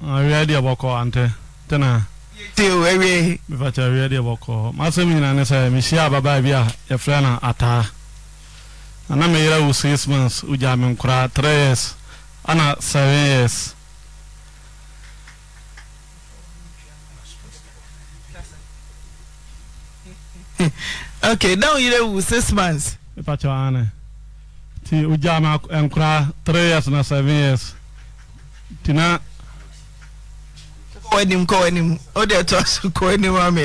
awia ah, deɛ bɔkɔ antɛ tena tew awie mefakyɛ awia deɛ bɔkɔ masɛm nyina ne sɛ mehyia ababaa bi a yɛfrɛ no ataa ana meyerɛ wo six months wogya me nkoraa three years ana seven years okay na woyerɛ wo six months mepakyɛ ane nti wogya me nkoraa three years na seven years tena kɔ anim kɔ anim o de ɛtɔ so kɔ anim amɛ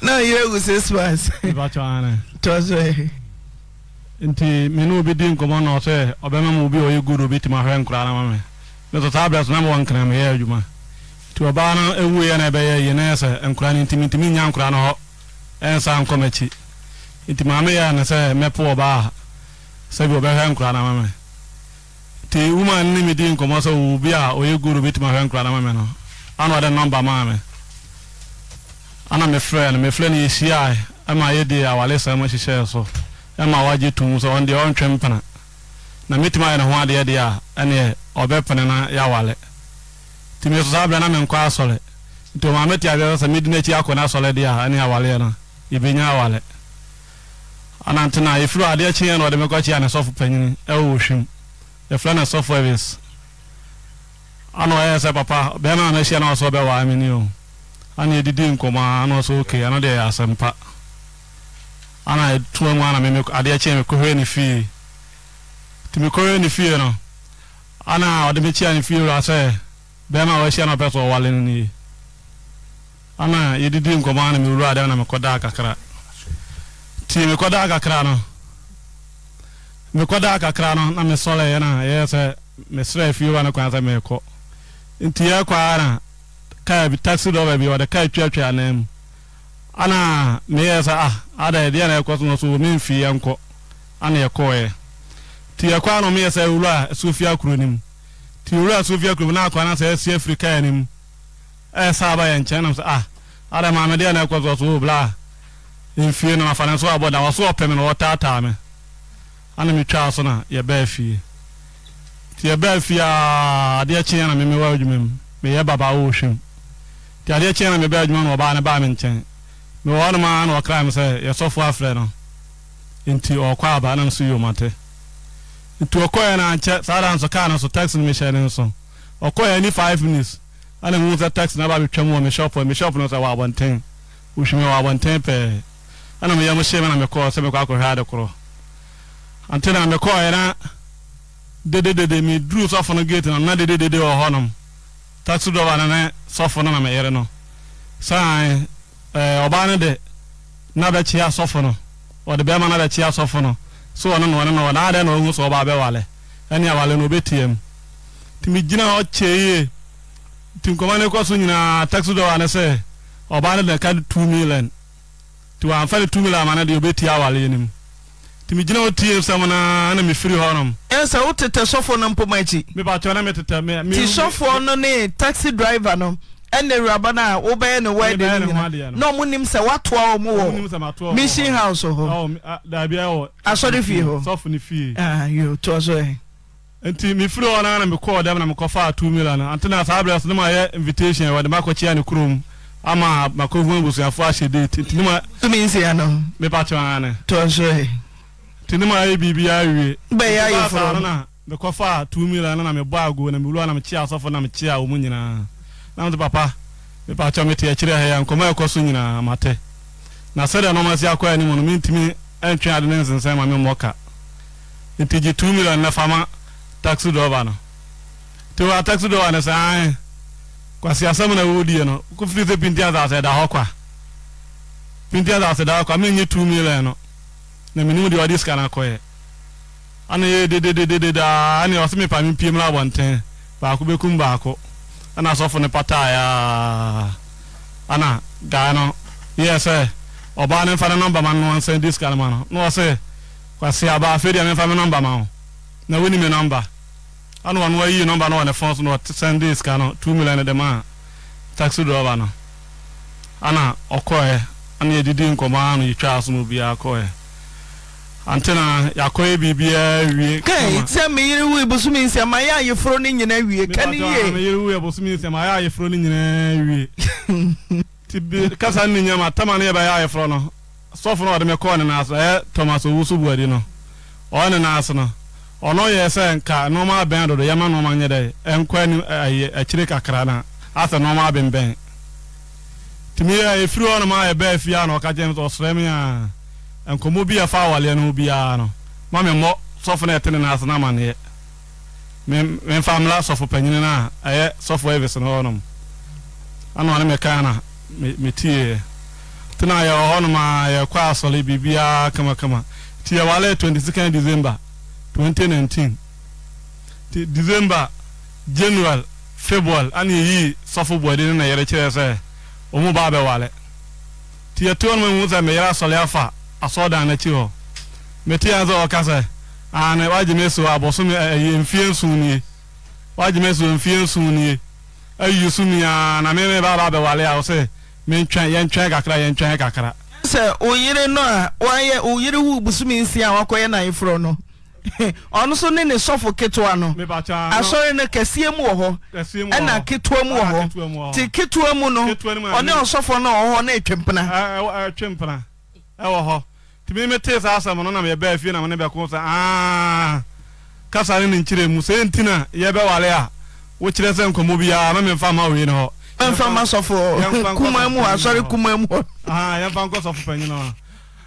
na yɛrɛ gu six pass tɔ so ɛ. nti me ne obi di nkɔmmɔ na ɔsɛ ɔbɛma ma obi a ɔyɛ good obi tumi ahwɛ nkora no ma me mesɛ saa berɛ so na mewɔ nkra meyɛ adwuma nti ɔbaa no ɛwuiɛ na ɛbɛyɛ yie na ɛsɛ nkora no ntimi ntimi nya nkora no hɔ ɛnsa nkɔmakyi nti maameyɛ ne sɛ mɛpo ɔbaa a sɛbi ɔbɛhwɛ nkura na mɛmɛ te woman ne mi di nkɔmɔ sɛ obi a ɔyɛ goro bi tuma hwɛ na mɛmɛ no ana ɔde nɔmba maa mi ana mi frɛ no mi frɛ no yɛhyia ɛma yɛ de awale sɛm hyehyɛ so ɛma wagye tum sɛ ɔn deɛ ɔntwɛ mpena na mi tuma yɛ ne ho adeɛ deɛ a ɛneɛ ɔbɛpene na yɛ awale te saa abirɛ na mi nkɔ asɔre nti ɔmaa mi te adeɛ sɛ mi di n'akyi akɔ n'asɔre deɛ a ɛne awale no ebi nya awale anantena efiri adeɛ kyeɛ na ɔde mekɔ kyeɛ anesɔfo panyin ɛwɔ wɔhwim yɛfrɛ no sɔfo evis ana ɔyɛ sɛ papa bɛrima na n'ahyia na ɔsɔ bɛwɔ ame o ana edidi nkɔmɔ ana ɔsɔ oke ana deɛ yɛ asɛmpa ana etua mu ana meme adeɛ kyeɛ mekɔhwɛ ne fie te mekɔhwɛ ne fie no ana ɔde me kyeɛ ne fie wura sɛ bɛrima a ɔahyia na ɔpɛ sɛ ɔwale no nie ana edidi nkɔmɔ ana mewura adeɛ na mekɔdaa kakra ti mi kɔdaa kakra no mi kɔdaa kakra no na mi sɔre yɛ na yɛ sɛ mi srɛ fie wa ne kwan sɛ mi kɔ nti yɛ kɔ ara kaa bi taxi dɔbɛ bi ɔde kaa twɛtwɛ anan mu ana mi yɛ sɛ ah ada yɛ na yɛ kɔ so no so mi nfi yɛ ana yɛ kɔɔ yɛ ti yɛ kɔ ano mi yɛ sɛ ewura sofia kuro ne mu ti a sofia kuro na akɔ anasɛ esi efiri kaa ne mu ɛyɛ e sɛ aba yɛ nkyɛn na mo sɛ ah ada maame deɛ na yɛ kɔ so so o bila ah mfie na mafa ne so abɔ da wɔso ɔpɛ me na wɔtaataa me ana metwaa so na yɛbɛɛ fie nti yɛbɛɛ fie a adeɛ kyeɛ na memewɔ adwuma mu meyɛ baba wo hwɛm nti adeɛ kyeɛ na mebɛɛ adwuma no ɔbaa ne baa me nkyɛn mewɔ no maa na ɔkraa me sɛ yɛsɔfoɔ afrɛ no nti ɔkɔ aba na nso yomate nti ɔkɔɛ no ankyɛ saa da nso kaa no so taxi no mehyɛ ne nso ɔkɔɛ ni five minutes ana mehu sɛ taxi no aba betwam wɔ me shop me shop no sɛ wɔ abɔnten wohwimi wɔ abɔnten pɛɛ ana mi yam hyɛ mu na mi kɔɔ sɛ mi kɔ akɔhwɛ ade ante na mi kɔɔ yɛna dededede mi duru sɔfo no gate na na dededede wɔ hɔnom taxi driver na ne sɔfo no na mi yɛre no saa ɛɛ eh, ɔbaa eh, no de na bɛ kyea sɔfo no ɔde bɛrima na bɛ kyea sɔfo no so ɔno na ɔno na ɔna adɛ na ɔhu so ɔbaa wale. ɛne awale na ɔbɛtia mu nti mi gyina hɔ kyee yie nti nkɔmɔ ne kɔ so nyinaa taxi driver ne sɛ ɔbaa no de ka two million nti wɔamfa ne tumi laama no deɛ wobɛtie awaleɛ no mu nti megyina wo tie sɛm no na mefiri hɔ nom ɛsɛ wotetɛ sɔfoɔ no mpo ma akyi mepatɔ na metetɛti sɔfoɔ no ne taxi driver no ɛna awuraba no a wobɛyɛ ne wɔde na ɔmonim sɛ woatoa wɔ mu wɔ mission house hɔ asɔre fie hɔ toa so ɛ nti mefiri hɔ no na mekɔɔ dɛm na mekɔfaa two million antena saa berɛ so ne ma yɛ invitation wɔde makɔkyea ne kurom ama makɔfu abusuafo ahyɛ de tinima. tumi nsi ano. mipa kyɛn ano. tɔnso yi. tinima ayɛ biribi awie. bɛyɛ ayɛ fɔlɔ. mipa na mekɔfa two million na mebɔ ago na mewura na mekyia asɔfo na mekyia wɔn nyinaa na mete papa mipa kyɛn mete akyire ha ya nkɔmɔ ɛkɔ so nyinaa matɛ na sɛdeɛ nɔɔma si akɔ anim no mentumi ɛntwe ade ne nsensɛn ma me mmɔ ka nti gye two million na fama taxi dɔba no te wa taxi dɔba no sɛ kwasi asɛm na wɔdi eh. no wokɔfiri sɛ pinti asase da hɔ kwa pinti asase da hɔ kwa menyɛ two mil no na menim deɛ ɔde sika no akɔyɛ ana yɛ dedededede daa ane ɔse mepa mepie mu no abɔnten baako bɛkum baako ana asɔfo no pataeɛ ana gaa no yɛɛ sɛ ɔbaa ne mfa ne nɔmba ma no nsan di sika no ma no na ɔse kwasi abaa afei deɛ memfa me nɔmba ma wo na wonim me nɔmba ana wɔn ayi nɔmba no wɔ ne fɔn so na ɔte sɛnde sika no two million de ma taxi driver no ana ɔkɔɛ ana yɛdidi nkɔmɔ ano yɛtwa asom obiara kɔɛ antena yakɔyɛ biribiara wie. kɛn sɛ meyere wu ibusumi nsɛm ayɛ ayeforo ne nyinaa wie kani yie. meyere wu ibusumi nsɛm ayɛ ayeforo ne nyinaa wie. ti bi kasa ne nyɛma tama ne yɛ bɛ ayɛ ayeforo no sɔfo no ɔde mi kɔɔ ne naase eh, ɛyɛ thomas owusu buwadi no ɔyɛ ne naase no. ɔno yɛ sɛ nka nɔɔma abɛn dodo yɛma nɔɔma nyɛ dɛ ɛnkɔ eh, akyire eh, kakra na asɛ nɔɔma abɛnbɛn tumi yɛ efiri hɔ nom a yɛbɛɛ fie a na ɔka kyɛn sɛ ɔsrɛ mi a nkɔmɔ bi ma mi mɔ sɔfo na ɛte ne na amaneɛ mi mfa mla sɔfo panyin na ɛyɛ sɔfo ɛvis no hɔ nom ɛna ɔne ka na mɛ tena 2019 ti december january february ana yi sɔfo bɔde ne na yɛrɛ kyerɛ sɛ ɔmo baa bɛ wale ti yɛ toɔ no mu sɛ mɛ yɛrɛ asɔle afa asɔɔdan n'akyi hɔ mɛ ti yɛn sɛ ɔka sɛ ana wagye me so abɔsome ɛyɛ mfie nson wagye me so mfie nson ayi so nyinaa na mɛmɛ baa baa bɛ wale a ɔsɛ mɛntwɛn yɛntwɛn kakra yɛntwɛn kakra. sɛ oyere no a wayɛ oyere wu busumi nsia wakɔyɛ n'ayeforɔ no. ɔno nso ne ne sɔfo ketewa no asɔre no kɛseɛ mu wɔ hɔ ɛna ketewa mu wɔ hɔ ketewa mu no ɔne ɔsɔfo no na ɛtwempena ɛwɔ hɔ tumi mi tee saa asɛm no na yɛ fie na mo ne bɛ ko sɛ kasa ne ne mu sɛ nti na yɛ bɛ wale a wokyerɛ sɛ nkɔmɔ biara na mi nfa ma wei ne hɔ. mɛmfa ma sɔfo mu asɔre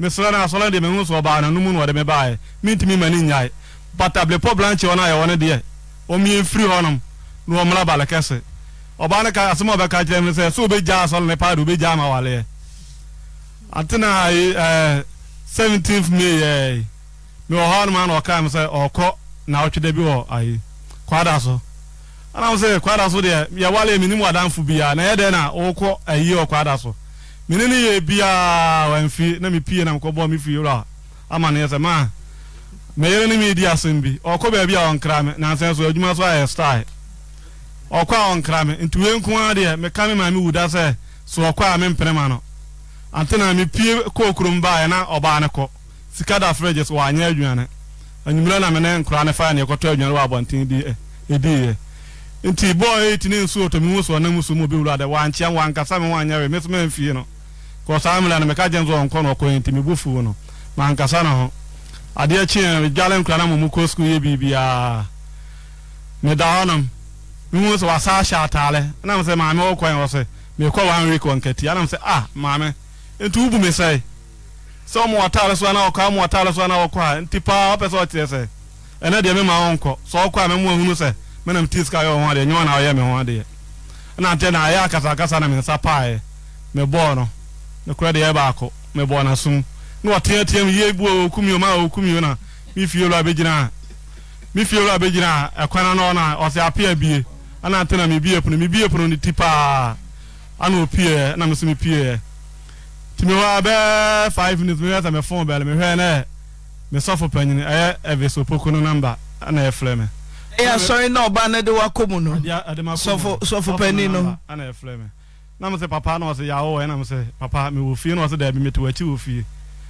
mesrɛ na asɔre deɛ mehu so ɔbaa nanomu na ɔde me baɛ mentumi ma ne nyae batablepɔ blankye ɔno ayɛwɔ no deɛ ɔmmiɛ mfiri hɔ na ɔmmra balekɛse ɔbaa no ka asɛm a ɔbɛka kyerɛ me sɛ sɛ wobɛgya asɔre ne paa de wobɛgya ama waleɛ atena uh, 17th may uh, mewɔ hɔ nom ana ɔkaa me sɛ ɔkɔ na ɔtweda bi wɔ ayi kwada so anam sɛ kwada so deɛ yɛwaleɛ menim wadamfo biaa na ɛyɛ dɛn na wokɔ ayie wɔ kwada so mene ne yɛ biaa wamfi na mepie na mekɔbɔɔ me fie wrɔ ama ne yɛ sɛ maa meyere ne meedi asɛm bi ɔkɔ baabi a ɔnkra me nansɛn so adwuma so ayɛ style ɔkɔ a ɔnkra me nti wei nko a deɛ meka me maa me wuda sɛ so ɔkɔ a mempene ma no ante na mepie kɔɔ kurom baeɛ na ɔbaa ne kɔ sika da frɛgye wɔanyɛ aduane anwummerɛ na mene nkora ne fa ne yɛkɔtɔ aduane wɔ abɔnten eh, ɛdiiɛ eh. nti bɔɔ ɛti ne nsuo tɔ me hu so ɔnam so mu obɛwura dɛ wɔankyea wɔankasa me wɔanyɛ we me so mamfie no kɔsaamla ne meka jɛn zɔn kɔnɔ kɔyinti mi bu fuu no ma nkasa ho adeɛ kyeɛ me na mo kɔ sukuu yɛ biribiaa me hɔ nom mehu sɛ wasa ahyɛ sɛ maame wɔ sɛ mekɔ one week anam sɛ ah maame nti wobu me sɛe sɛ ɔmo so a ɔmo wataale so ana wɔkɔ a nti paa wɔpɛ sɛ ɔkyerɛ sɛ ɛnɛ deɛ mema wɔnkɔ sɛ ɔkɔ a mɛmo ahunu sɛ menam tii sika yɛ wɔ ho adeɛ nyɛ na ɔyɛ me ho adeɛ na ayɛ akasakasa na me nsa paeɛ nokora deɛ baako mebɔ n'asom na wɔteatea mu yie bu okumio ma okumio na mi fie lɔ abɛgyina a mi fie lɔ na ɔna ɔsɛ ape abie ana ate na mi bie pono mi bie pono ne ti paa ana opie na mi so mi pie tìmí hɔ five minutes mi hɛ sɛ mi fon bɛlɛ mi hɛ nɛ mi sɔfo panyin ɛyɛ ɛvɛsɛ opoko no namba ɛna ɛfrɛ mi. ɛyɛ asɔre na ɔba ne de wa mu no sɔfo sɔfo panyin no. ɛna ɛfrɛ mi. na m sɛ papa na ɔsɛ yɛawo oh, ɛ eh, na m sɛ papa mewɔ fie na ɔsɛ daabi mete w'akyi wɔ fie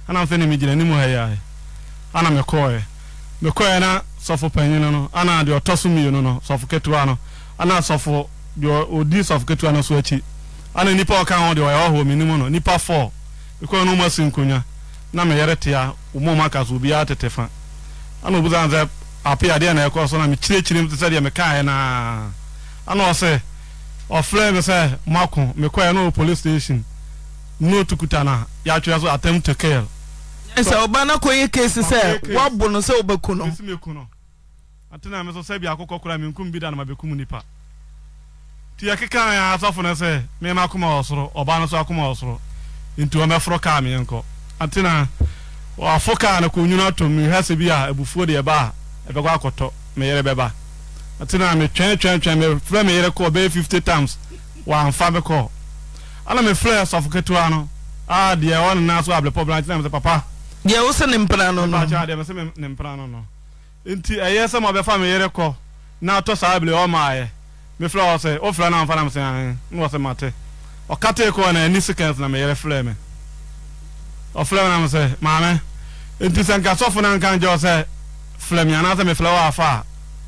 sɛ ne megyina anim ha yɛaɛ eh. ana mekɔɛ eh. na sɔfo panyin no ana deɛ ɔtɔ so mmienu no sɔfo ketewa no ana sɔfo deɛ ɔdi sɔfo ketewa no so akyi ana nipa ɔka ho deɛ ɔyɛ ɔhɔ menim no nipa fɔ mekɔɛ no mu asi na meyɛre tea aka so obiara tete fa ana obusa sɛ na ɛkɔ so na mekyirikyiri m ɔfrɛ me sɛ mako mekɔɛ no police station ne ɔtukuta no yɛatwerɛ so attempt to kill sɛ ɔba no kɔyɛ case sɛ woabo no sɛ wobɛku no atena me so sɛ bi akokɔ koraa menkum bi da na mabɛkum nipa nti yɛkeka asɔfo no sɛ mema akoma wɔ ɔba no so akoma wɔ nti ɔmɛforo kaa meɛnkɔ atena ɔafo kaa no kɔnwunu atom mehwɛ sɛ bi a abufuo deɛ ɛba a ɛbɛkɔ akɔtɔ meyere bɛba tena me twɛn twɛn twɛn me frɛ me yɛrɛ kɔɔ bɛyɛ fifty times wɔamfa me kɔɔ ana me frɛ sɔfo ketewa no a deɛ ɔne na so abrɛpɔ bra tena me sɛ papa deɛ wo sɛ ne mpra no no deɛ me sɛ ne mpra no no nti ɛyɛ sɛ ma bɛfa me yɛrɛ kɔ na atɔ saa abele ɔmaayɛ me frɛ wɔ sɛ wofrɛ no amfa na me sɛ ahe ne wɔ sɛ mate ɔka tee kɔɔ na ani seconds na me yɛrɛ frɛ me ɔfrɛ me na me sɛ maame nti sɛ nka sɔfo no nka ngyɛ wɔ sɛ frɛ me anaasɛ mefrɛ wɔ afa a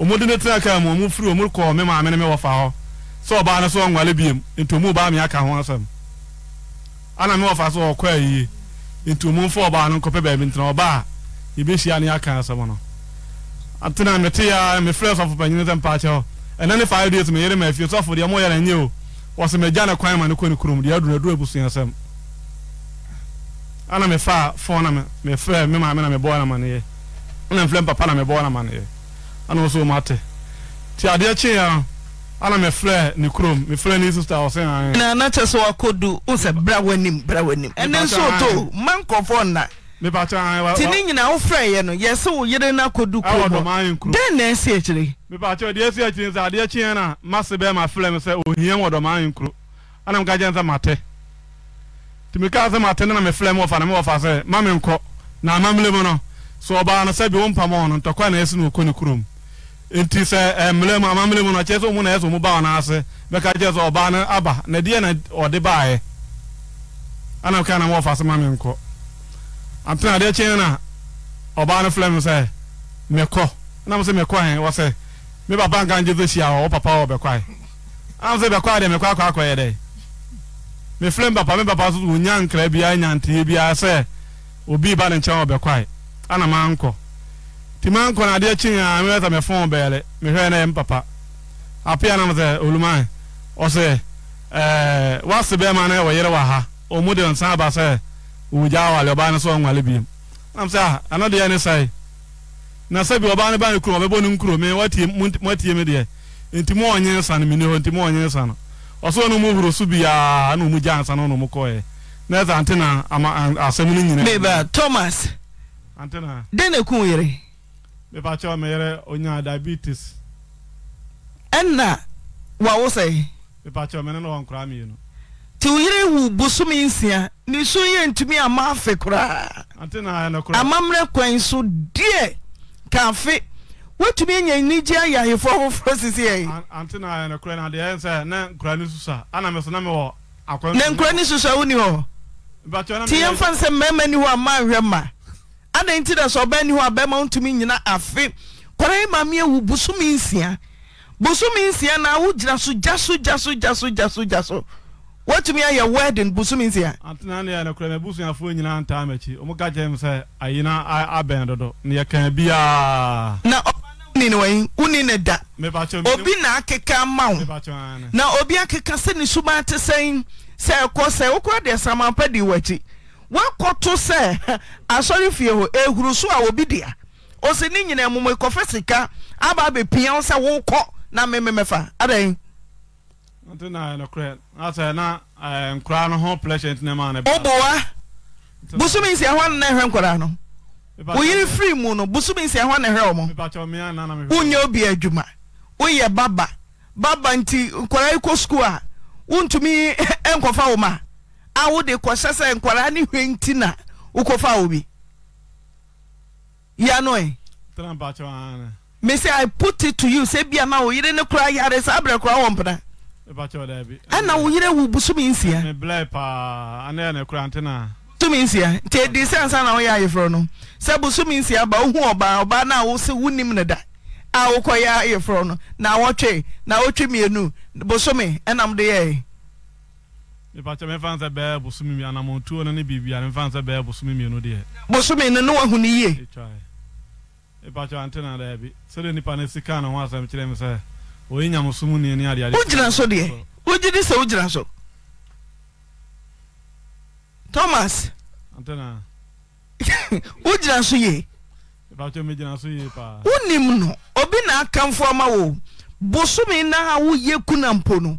ɔmo de ne tena kaa mu ɔmo firi ɔmo kɔ me maame ne me wɔfa hɔ sɛ ɔbaa no biem nti ɔmo baa mi aka ho asɛm ana me wɔfa so ɔkɔ ayie nti ɔmo nfa ɔbaa no nkɔpɛ baabi ntena ɔbaa ebehyia ne aka asɛm no atena mete ya mefrɛ sɔfo panyin sɛ mpaakyɛ hɔ ɛna ne five days meyere ma afie sɔfo deɛ moyɛ no nyɛ o wɔsɛ magya ne kwan ma ne kɔ ne kurom deɛ aduru aduru abusua sɛm ana mefa fɔn na mefrɛ me maame na mebɔɔ na ma ne na mebɔɔ na ma ne ana ɔsɛ ɔmo ate ti adeɛ kye ya ana mefrɛ ne kurom mefrɛ ne sista ɔsɛ na na kyɛ sɛ du wo sɛ bra w'anim bra w'anim ɛne nso ɔtɔ ma nkɔfoɔ nna ti ne nyinaa wofrɛ yɛ no yɛsɛ wo yere no akɔdu kurom na ɛsi akyire mepakyɛ akyire sɛ adeɛ a mase bɛɛ ma frɛ me sɛ ohia wɔ nkuro ana meka sɛ nti sɛ na na sɛ ma me nkɔ na mu no sɛ ɔbaa no sɛ bi wo no na ɛsi ɔkɔ ne kurom nti sɛ eh, mmerɛ mu ama mmerɛ mu no kyerɛ sɛ ɔmu na ɛsɛ ɔmu ba ɔno ase bɛka kyerɛ sɛ ɔbaa no aba na deɛ na ɔde ana ka na wɔfa se ma me nkɔ antena adeɛ kyɛn na ɔbaa no frɛ me sɛ mekɔ na mo sɛ mekɔ hɛn wɔ sɛ me papa nka sɛ hyia wɔ papa wɔ ana sɛ mekɔ akɔ dɛ papa me papa wonya nkra biara biara sɛ obi ba ne nkyɛn wɔ ana tima nkɔnɔ adeɛ kyin a mewɛ sɛ me fon bɛɛlɛ mehwɛ na ɛm papa apea nam sɛ oluma ɔsɛ ɛɛ eh, wase bɛɛma na ɛwɔ yere wɔ ha ɔmu de nsa aba sɛ ɔwugya wale ɔbaa no sɛ ɔnwale biem nam sɛ a ah, ɛno deɛ ne sɛe na sɛ bi ɔbaa no baa ne kurom ɔbɛbɔ ne nkuro me watie me deɛ nti mu ɔnye nsa no mini hɔ nti mu ɔnye nsa ɔsɛ ɔno mu huro so biaa na ɔmu gya nsa na ɔmu thomas. ante na. den ɛnna wawo sɛ nti woyerɛ wo bosome nsia ne so yɛ ntumi aamaafe koraa ama mmerɛ kwan so deɛ kaafe woatumi anya nigye aya ayefo foforɔ sisieene nkura ne susua woni hɔti yɛmfa me sɛ marima ni hɔ ama nhwɛ ma adɛn nti dɛ sɛ ɔbɛani hɔ a bɛrima wontumi nyina afe kwarai maame awu bosome nsia bosome nsia na wogyina so gya so gya so gya so gya so gya so woatumi ayɛ wedding bosome nsia antena ne yɛ nokorɛ mabusuafoɔ nyinaa ntaa makyi ɔmo ka kyɛ m sɛ ayena abɛn dodo ne yɛka biaa na ni ne wɔyi woni ne da obi na akeka ma na obi akeka sɛ ne suma te sɛn sɛ ɛkɔ sɛ wokora deɛ samanpa di w'akyi woakɔto sɛ asɔre fie hɔ ɛhuru so a wɔbi dea ɔsɛ ne nyina mmom ɛkɔfa sika aba abɛpia wo sɛ wokɔ na mememɛfa adɛn woboa bosome nsia hɔ ana ɛhwɛ nkɔraa no woyere firi mu no bosome nsia hɔ ana ɛhwɛ wɔ mɔ wonyɛ obi adwuma woyɛ baba baba nti nkɔraa yi kɔ sukuu a wontumi nkɔfa wo ma awode kɔ sɛ sɛ nkaa ne ɛi na wokɔfaoɛpto oɛ aoyere no koa aana woyerɛ wo bosom nsaɛɛɛ bosom nsaoua nawos wonino da woɔɛ af o nateaeinuoo na mipakyɛ mefa nsɛ bɛɛ bosome mi anamontuo no ne biribia ne mfa nsɛ bɛɛ bosome mmienu deɛ bosome no ne wahu no yie mipakyɛ ante na daabi sɛdeɛ nipa no sika na ho asɛm kyerɛ me sɛ ɔyɛ nyamosom nie ne adeade wogyina so deɛ wogyini sɛ wogyina so thomas antena wogyina so yie mipakyɛ megyina so yie paa wonim no obi na akamfo ama wo bosome na a woyɛ ku na mpo no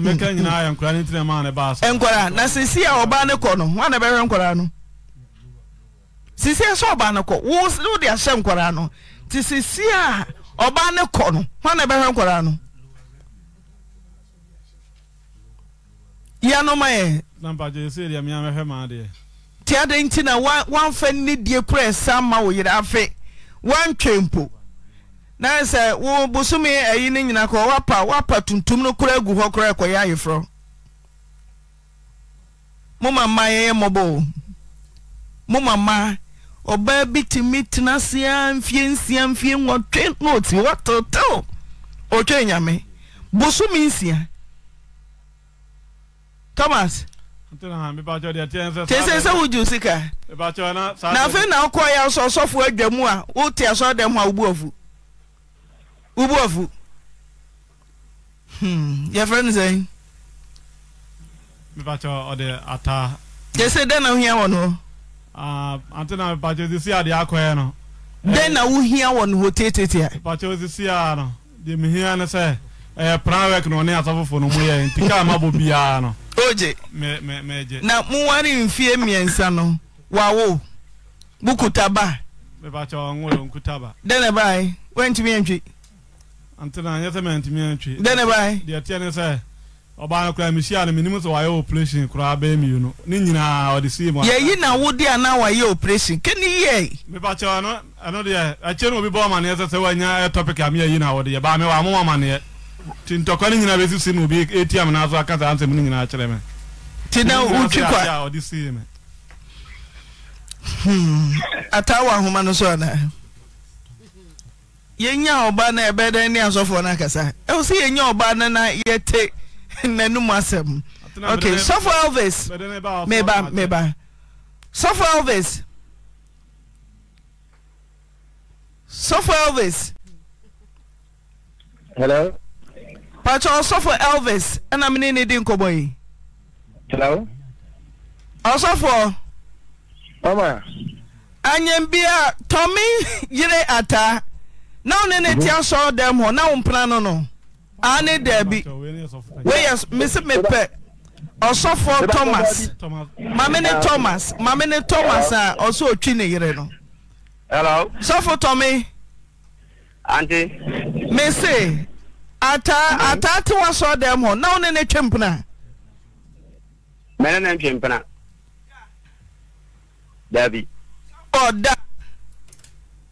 mɛka nyinaa yɛ nkora ne tina ma ne baa sa nkora na sisi a ɔbaa ne kɔ no wa na bɛhwɛ nkora no sisi a sɛ ɔbaa ne kɔ wo wo de ahyɛ nkora no ti sisi a ɔbaa ne kɔ no wa na bɛhwɛ nkora no yanoma yɛ. nampagye esi deɛ mmea bɛhwɛ maa deɛ. tia de nti na wa wanfɛ ne die kura ɛsa ma wo yere afe wantwe mpo. na sɛ wo bosome ayi no nyina kɔ wapa wapa tuntum no kora agu hɔ kora ɛkɔyɛ ayeforɔ moma ma yɛyɛ mmɔbɔo moma ma ɔbaa bi tumi tena sea mfie nsia mfie nwɔtwe na ɔti wɔtetew ɔtwe nyame bosome nsia thomas tese sɛ wogye sika na afei na wokɔɔ yɛ asɔ ɔsɔfoɔ adwa mu a wote asɔre dɛm ho a wobu afu Ubuafu hmm yɛfrɛ no sɛn. mipatsɔ ɔde ata. yɛsɛ dɛn na ohia wɔ no. aa ante na mipatsɔ osisi a de akɔ yɛ no. dɛn na ohia wɔ no wɔ tietietia. mipatsɔ osisi a no deɛ mi hia no sɛ ɛyɛ pran wɛk na ɔne asafofo no mu yɛ nti kaa ma bɔ biara no. oje mɛ mɛ mɛ gye. na mu wari mfie mmiɛnsa no wawo bukutaba. mipatsɔ nwolo nkutaba. na baa yi wɛntumi antena nyɛ sɛ mɛntumi antwe dɛne bae deɛ teɛ ne sɛ ɔbaa no koraa mehyia no menim sɛ wayɛ operation koraa bɛyɛ mmienu ne nyinaa ɔde sii mu yɛyi na wode ana wayɛ operation kene yɛ mepakyɛ no ɛno deɛ akyɛ no obi bɔ amanneɛ sɛ sɛ wanya topic ami. meyɛyi na wode yɛbaa me waamoma amanneɛ nti ntɔkwa no nyinaa bɛsi si no obi ɛti amena so aka saa nsɛm no nyinaa kyerɛ me nti na wotwi kwa ɔde sii me hmm. ataa wɔ ahoma no so anaa yenya oba na ɛbɛdɛ neasɔfu no kasa e wsɛ yenya oba nana yɛte nanom asɛm sflssf lvs f lvs pasf elvs ana menene denkɔmɔysf aymbia tomy yere ata Now wo ne ne te asɔre dɛm hɔ na wo mpena no no aa ne daabi weyɛ mese mepɛ ɔsɔfoɔ thomas mame ne thomas mame ne ah. thomas a ɔsɛ ɔtwi ne yere no sɔfo tɔme mese Ata. Mm-hmm. ataa te wasɔre dɛm hɔ na wo ne ne twe mpena mene ne ntwe mpena daabi ɔda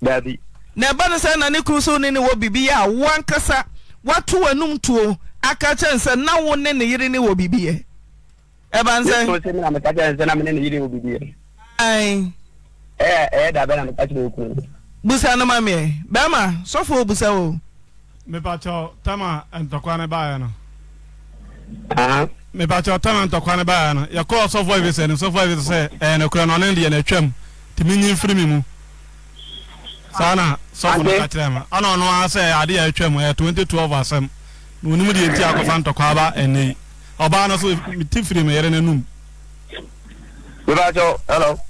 daabi na ɛba no sɛ na ne kunu so wo ne ne wɔ biribi a wo ankasa woato w'anom tuo aka kyɛn sɛ na wo ne ne yere ne wɔ biribi yɛ ɛba nsɛ busa no ma meɛ bɛrima sɔfo busa o mepakyɛ tama ntɔkwa ne baeɛ no mepakyɛ tama ntɔkwa ne sɔfoɔ ebi sɛ ɛyɛ nokorɛ no ɔne deɛ no atwam nti menyi mfiri me mu saa na sɔfo no ka kyerɛ ọnụ ana ɔno a sɛ ade yɛ atwam ɛyɛ 2012 asɛm na onim deɛ nti aba ɛnɛ ɔbaa no so mete firi me yere no anum mebakyɛw hello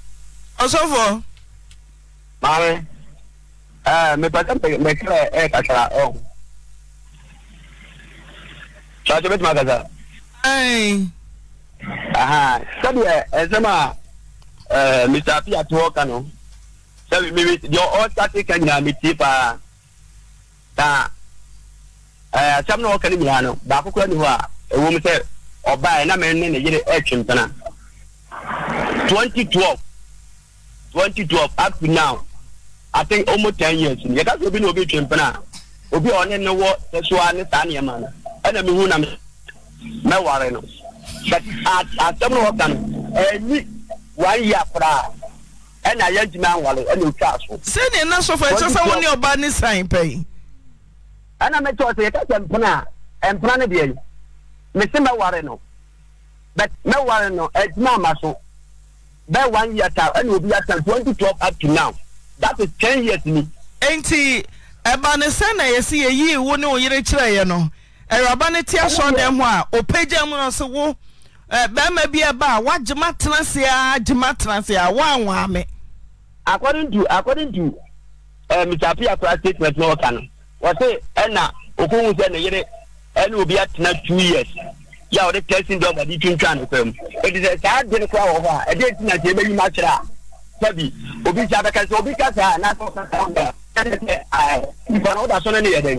ɔsɔfo maame mepɛ sɛ mekerɛ ɛyɛ kakra ɔ kyɛkyɛ bɛtumi aha sɛdeɛ ɛsɛm a mr apiatoɔ ka no sẹbi mímí deɛ ɔsate ka nyinaa mi paa na ɛɛ asɛm na ɔka ne nyinaa baako kura ne hɔ a ɛwɔ mu sɛ ɔbaa mɛ ne ne yere ɛtwe mpana twenty twelve twenty twelve up to now i think almost ten years yɛ ka sɛ obi na obi twe mpana obi a ɔne ne wɔ sɛsoa ne saa nneɛma no ɛna mi hu na mɛware no but asɛm na ɔka no ɛni wɔn ayɛ koraa ɛna yɛ ntumi anwale ɛna otwa so. sɛni na sɔfɔ ɛkyɛ sɛ wɔn ni ɔbaa ni san pɛ yi. ɛna mɛ tɔ sɛ yɛka sɛ mpona mpona ne deɛ yi mesi mɛ ware no bɛt mɛ ware no ɛtumi ama so bɛɛ one year ta ɛna obi ata twenty twelve up to now that is ten years ni. eti ɛba ne sɛ na yɛsi yɛyi wo ne oyere kyerɛ yɛ no ɛwuraba ne tia sɔ dɛm hɔ a opagya mu na ɔsɛ wo ɛɛ bɛrima bi ɛba a wagyema tena se a gyema tena se a wanwa me. according to according to uh, eh, mr apiakura statement na ọka no wọ́sẹ̀ ẹ̀na okohun sẹ́ ne yere ẹni obi atena two years ya ọ̀dẹ testing dọ́m ọ̀dẹ tuntun àná fẹ́ mu ètò sẹ sáà dín kura wọ̀ hɔ a ti nà ṣe ebe yìí má kyerɛ a obi sẹ́ abẹ́ka sẹ́ obi kásá a n'asọ̀ sa ọ̀gá ẹ̀dẹ́ sẹ́ ẹ̀ ìfọ̀nà ọ̀dà sọ́nà ni yẹ dẹ́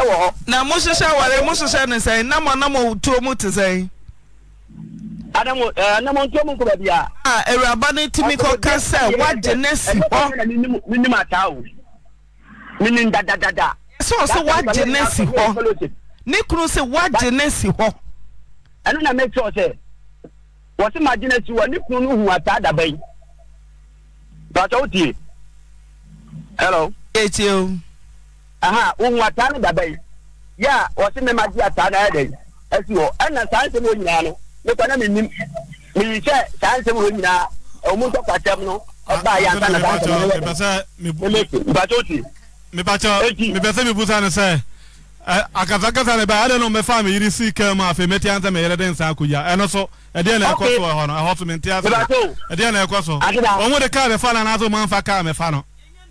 ẹ̀wọ̀ hɔ. na mo hyehyɛ awari mo hyehyɛ ne sɛn nam anam otuo mu ti sɛn. Eh, ah, awuraba no tumi kɔka sɛ woagye ne si hɔ sɛ ɔ sɛ ne si hɔ ne kunu sɛ woagye ne si hɔ ɛno na mɛkyerɛ sɛ wɔ se si ne kunu hu daba yi bàtà hello. aha daba yi mɛ ma di ataa dɛ ɛsi saa no. nípa náà mi ní mi sẹ sáà ń sẹ́mu ló nyinaa ọmú sọ́kà sẹ́mu nù ọba ayé àtàlà sáà ń sẹ́mu ló wẹ̀ mẹ́pàtẹ́ mepatɛ mepɛsɛ mebusa ne sɛ akasakasa ne bɛɛ adɛn no mɛfa me yere sii kaa mu afei mɛte ansɛ meyere de nsa akogyia ɛno so ɛdeɛ na ɛkɔ so ɛhɔ no ɛhɔ so mente asɛ ɛdeɛ na ɛkɔ so ɔmo de kaa mɛfa no anaasɛ ɔmamfa kaa mɛfa no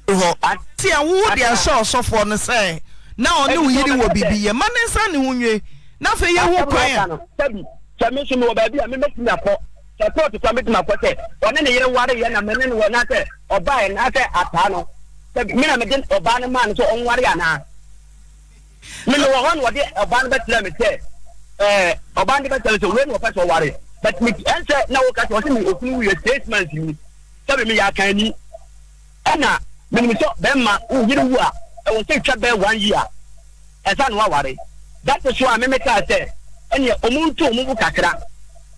hɔ a wowo de ahyɛ ɔsɔfoɔ no sɛ na ɔne wo yere wɔ biribi yɛ ma ne nsa ne ho nwe na afei yɛho kwan a sɛ me nso mi wɔ baabi a me mɛtumi akɔ sɛ kóòtù sɔ mɛtumi akɔ sɛ ɔne ne yere ware yɛ na mɛne ne wɔ na sɛ ɔbaa yɛ na sɛ ataa no sɛ mi na mɛde ɔbaa no maa no sɛ ɔnware anaa me ne wɔ hɔ na wɔde ɔbaa no bɛtena mi sɛ ɛɛ ɔbaa no bɛtena mi sɛ wei na wɔpɛ sɛ ɔware but mi ɛnsɛ na wɔka sɛ ɔsɛ mi okunu wuyɛ six months mi sɛbi mi yɛ akan ni ɛna minimu sɛ bɛrima yiri wu a ɛwɔ sɛ twa bɛɛ one year ɛsan na waware that is ɛnna ɔmo nto ɔmo mu kakra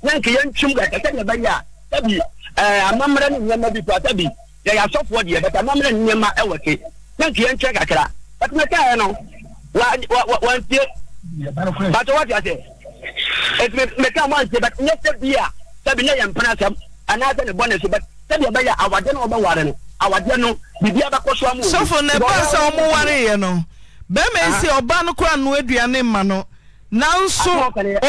na nke yɛn twem kakra sɛdeɛ ɛbɛyɛ a tabi ɛɛ amammerɛ ne nneɛma bi to a tabi yɛyɛ asɔfoɔ deɛ bɛtɛ amammerɛ ne nneɛma ɛwɔ se na nke yɛn twɛ kakra ɛtuma kaa yɛ no wa wa wa wa ntie bàtɛ wa ti ase ɛtuma mɛka wa ntie bɛtɛ nyɛ sɛ bi tabi ne yɛ mpana sɛm anaasɛ ne bɔ ne so bɛtɛ sɛdeɛ ɛbɛyɛ awadeɛ na ɔbɛware no awadeɛ no bibi abɛkɔ so amu. sɔfo na ɛbɔ sɛ ɔmo ware no bɛrima esi ɔbaa no kora nua aduane ma no nanso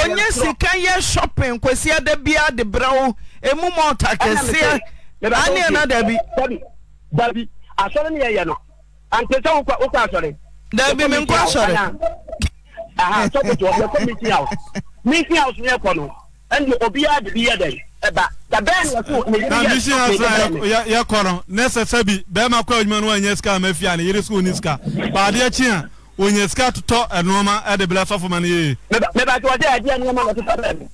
onye sika yɛ shopping kwesi ɛdɛ bia de brɛw emu mɔta kɛseɛ ani ɛna dabi. dabi asɔre ni yɛ yɛ no ante sɛ wokɔ wokɔ asɔre. dabi mi nkɔ asɔre. aha sɔkò tó ɔbɛ kɔ meeting house meeting house ni ɛkɔ no ɛnni obiara de bi yɛ dɛ ɛba dabɛn ni ɛfo ne yiri yɛ ɛfo meeting house yɛ yɛ kɔ no ne sɛsɛ bi bɛrɛ kɔ ɛdwuma no wa nyɛ sika ama fi a yiri sukuu ni sika baade ɛkyin a onye sika totɔ ɛnoɔma ɛde bela sɔfo ma no yie. mɛba tí wọ́n sẹ́ ẹ̀dí ẹni ọmọ ọ̀tún sọ́dọ̀ mi.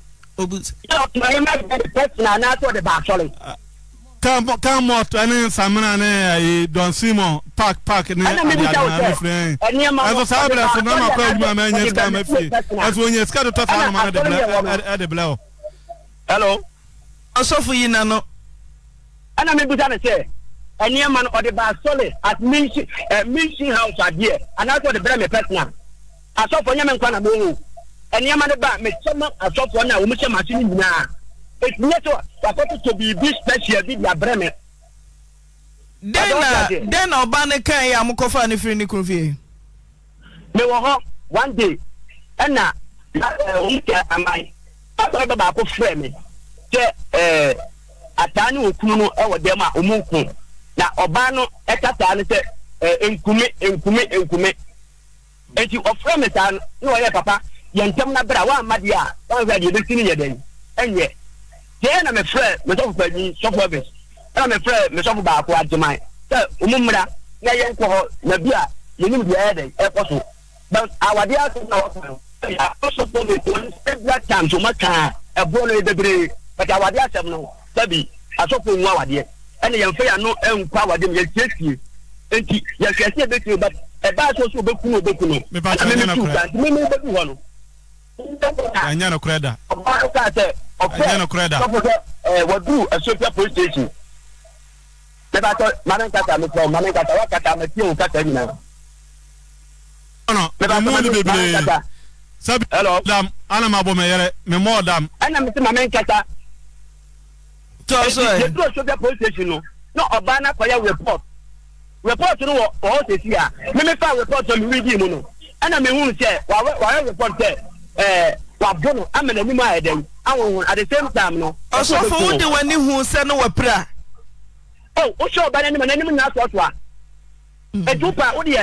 yóò tún ẹni máa bẹ̀rẹ̀ pẹ́sìn náà náà tó de bá a sọ̀rọ̀ yìí. kamot samina ne ayi dɔnsimo park park ne adiadana ne filɛ ɛnso saa bɛrɛ so nama kɔ adwuma mɛ nye sika mɛ fie ɛso onye sika totɔ saa noma ɛde bela o. hello. ɔsɔfo yi nano. ɛna mi bisa ne sɛ. ɛnìyɛ ma no ɔde baa sɔle at minshi ɛ eh, minshi house adeɛ anaasɛ ɔde brɛ mi pɛtena asɔfo nyɛ mi nkwa na mo wo ɛnìyɛ ma no ba mi kyɛ ma asɔfo na wɔn hyɛ machine nyinaa etinye so wakɔtoto biribi special bi de abrɛ mi. den na uh, den na ɔbaa ne kan yi a mo kɔfa ne firi ne kuru fie. mi wɔ hɔ one day ɛna ɛɛ wɔn kɛ aman asɔre bɛ baako frɛ mi sɛ ɛɛ ataa ne okunu no ɛwɔ dɛm a wɔn nko. na ɔbaa no ɛka saa no sɛ ɛɛ nkume nkume nkume eti ɔfrɛ mi saa no na ɔyɛ papa yɛn ntɛm na bere a wɔn ama deɛ a wɔn fɛ deɛ ebesi ne yɛ dɛn ɛnyɛ deɛ na mɛ frɛ mɛ sɔfo panyin sɔfo ɛbɛs ɛna mɛ frɛ mɛ sɔfo baako adjuman sɛ ɔmo mmira na yɛn kɔ hɔ na bi a yɛn nim deɛ ɛyɛ dɛn ɛkɔ so but awadeɛ ato na wɔkɔ no akɔsɔ fɔ mi wɔn ɛbia times wɔn aka ɛboɔ no yɛ bebree but awadeɛ asɛm no sɛbi asɔfo nwa awadeɛ ɛna yɛn fɛ yɛn ano nkɔ awadeɛ mu yɛn siesie nti yɛn fɛ ɛsɛ ebetumi ba ɛbaa sɛ so obɛkunu obɛkunu ɛna mímu tu ka nti mímu bɛdu hɔ no. ɛnyɛ no korɛ da ɛnyɛ no korɛ da eh, wɔduru asopia police station mɛbatɔ mane nkata mefrɛ mane nkata wakata matie wo kata nyinaa mɛmu ne bebree sɛ bi dam ana mabɔ mɛyɛrɛ memɔɔ dam ɛna mese mame nkata ebi sọ ẹ. yẹtu ọsọ bẹ police station no na ọba no wọ ọwọ sẹsi a mímí fa report mi wí di mu no ẹna mi hun sẹ wàá sẹ ẹ wà same time ọsọfọ wọn ni o sọ ọba n'anim n'anim nyina a. etu pa o di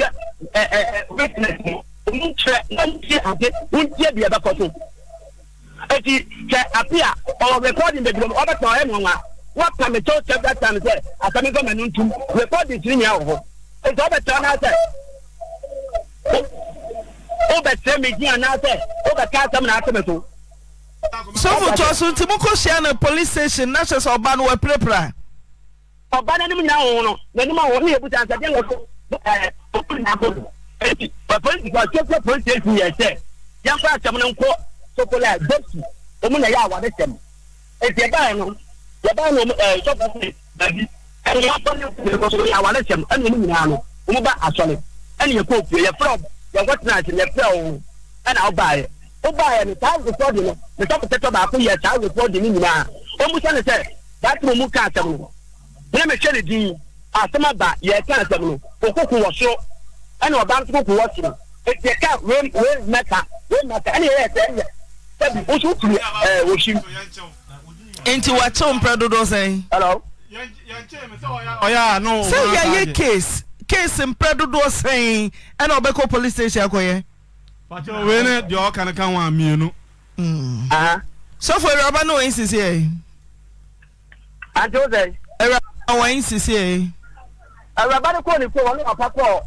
yẹ ɔmu kyerɛ ɔntie ade ɔntie deɛ ɛbɛkɔ so eti sɛ api a ɔwɔ rekɔdin bebree ɔbɛtɔ ɔyɛ nwanwa wapa mi kyɛw kyɛw that time sɛ asami gɔmɛ no ntum rekɔdin tiri nyɛ wɔ hɔ eti ɔbɛtɔ n'asɛ ɔbɛtɛ mi gyina n'asɛ ɔbɛka asɛm na asɛm so. sọfún tọ́sùn tí mo kò ṣe àná police station náà ṣe sọ ọba ni wọ́n pèrèpèrè. ọba náà ni mo nyina wọn wọn n'anim àwọn ọmọ yẹn buta nsàdé wọn kọ ẹ ọkùnrin eti wa polisi wa sɛsɛ polisi esi yɛ sɛ yanfa asɛm no nkɔ sokola bɛsi ɔmu na yɛ awade sɛm eti ɛbaa no yɛbaa no ɛɛ sɔfɔ fi baabi ɛni yɛbɔ ne kuro kɔ so yɛ awade sɛm ɛni ɔmu nyinaa no ɔmu ba asɔre ɛni yɛ kɔ opue yɛfrɛ yɛnkɔ tena ase yɛfrɛ ɔwɔ ɛna ɔbaa yɛ ɔbaa yɛ no saa nkosɔ de no ne sɔfɔ tɛtɔ baako yɛ saa nkosɔ de ne nyinaa o sɛ ne sɛ baatuma mu ka asɛm no ne me hyɛ ne din asɛm aba yɛ ka asɛm no okoko wɔ soro ɛna ɔbaa nso koko wɔ si no eti ɛka wei mɛta wei mɛta ɛna yɛyɛ sɛ ɛyɛ sɛbi wosu tuli ɛɛ wosi. nti wakyew mpɛ dodo sɛn. hello. sɛ yɛayɛ case case mpɛ dodo sɛn ɛna ɔbɛkɔ police station akɔyɛ. pàtó wei ne ɔka ne ka ho a mmienu. sɔfo awuraba na wɔn sisi yɛ. ati o sɛ. awuraba na wɔn sisi yɛ. awuraba de kó ne kó wọn ní wàá pa kó.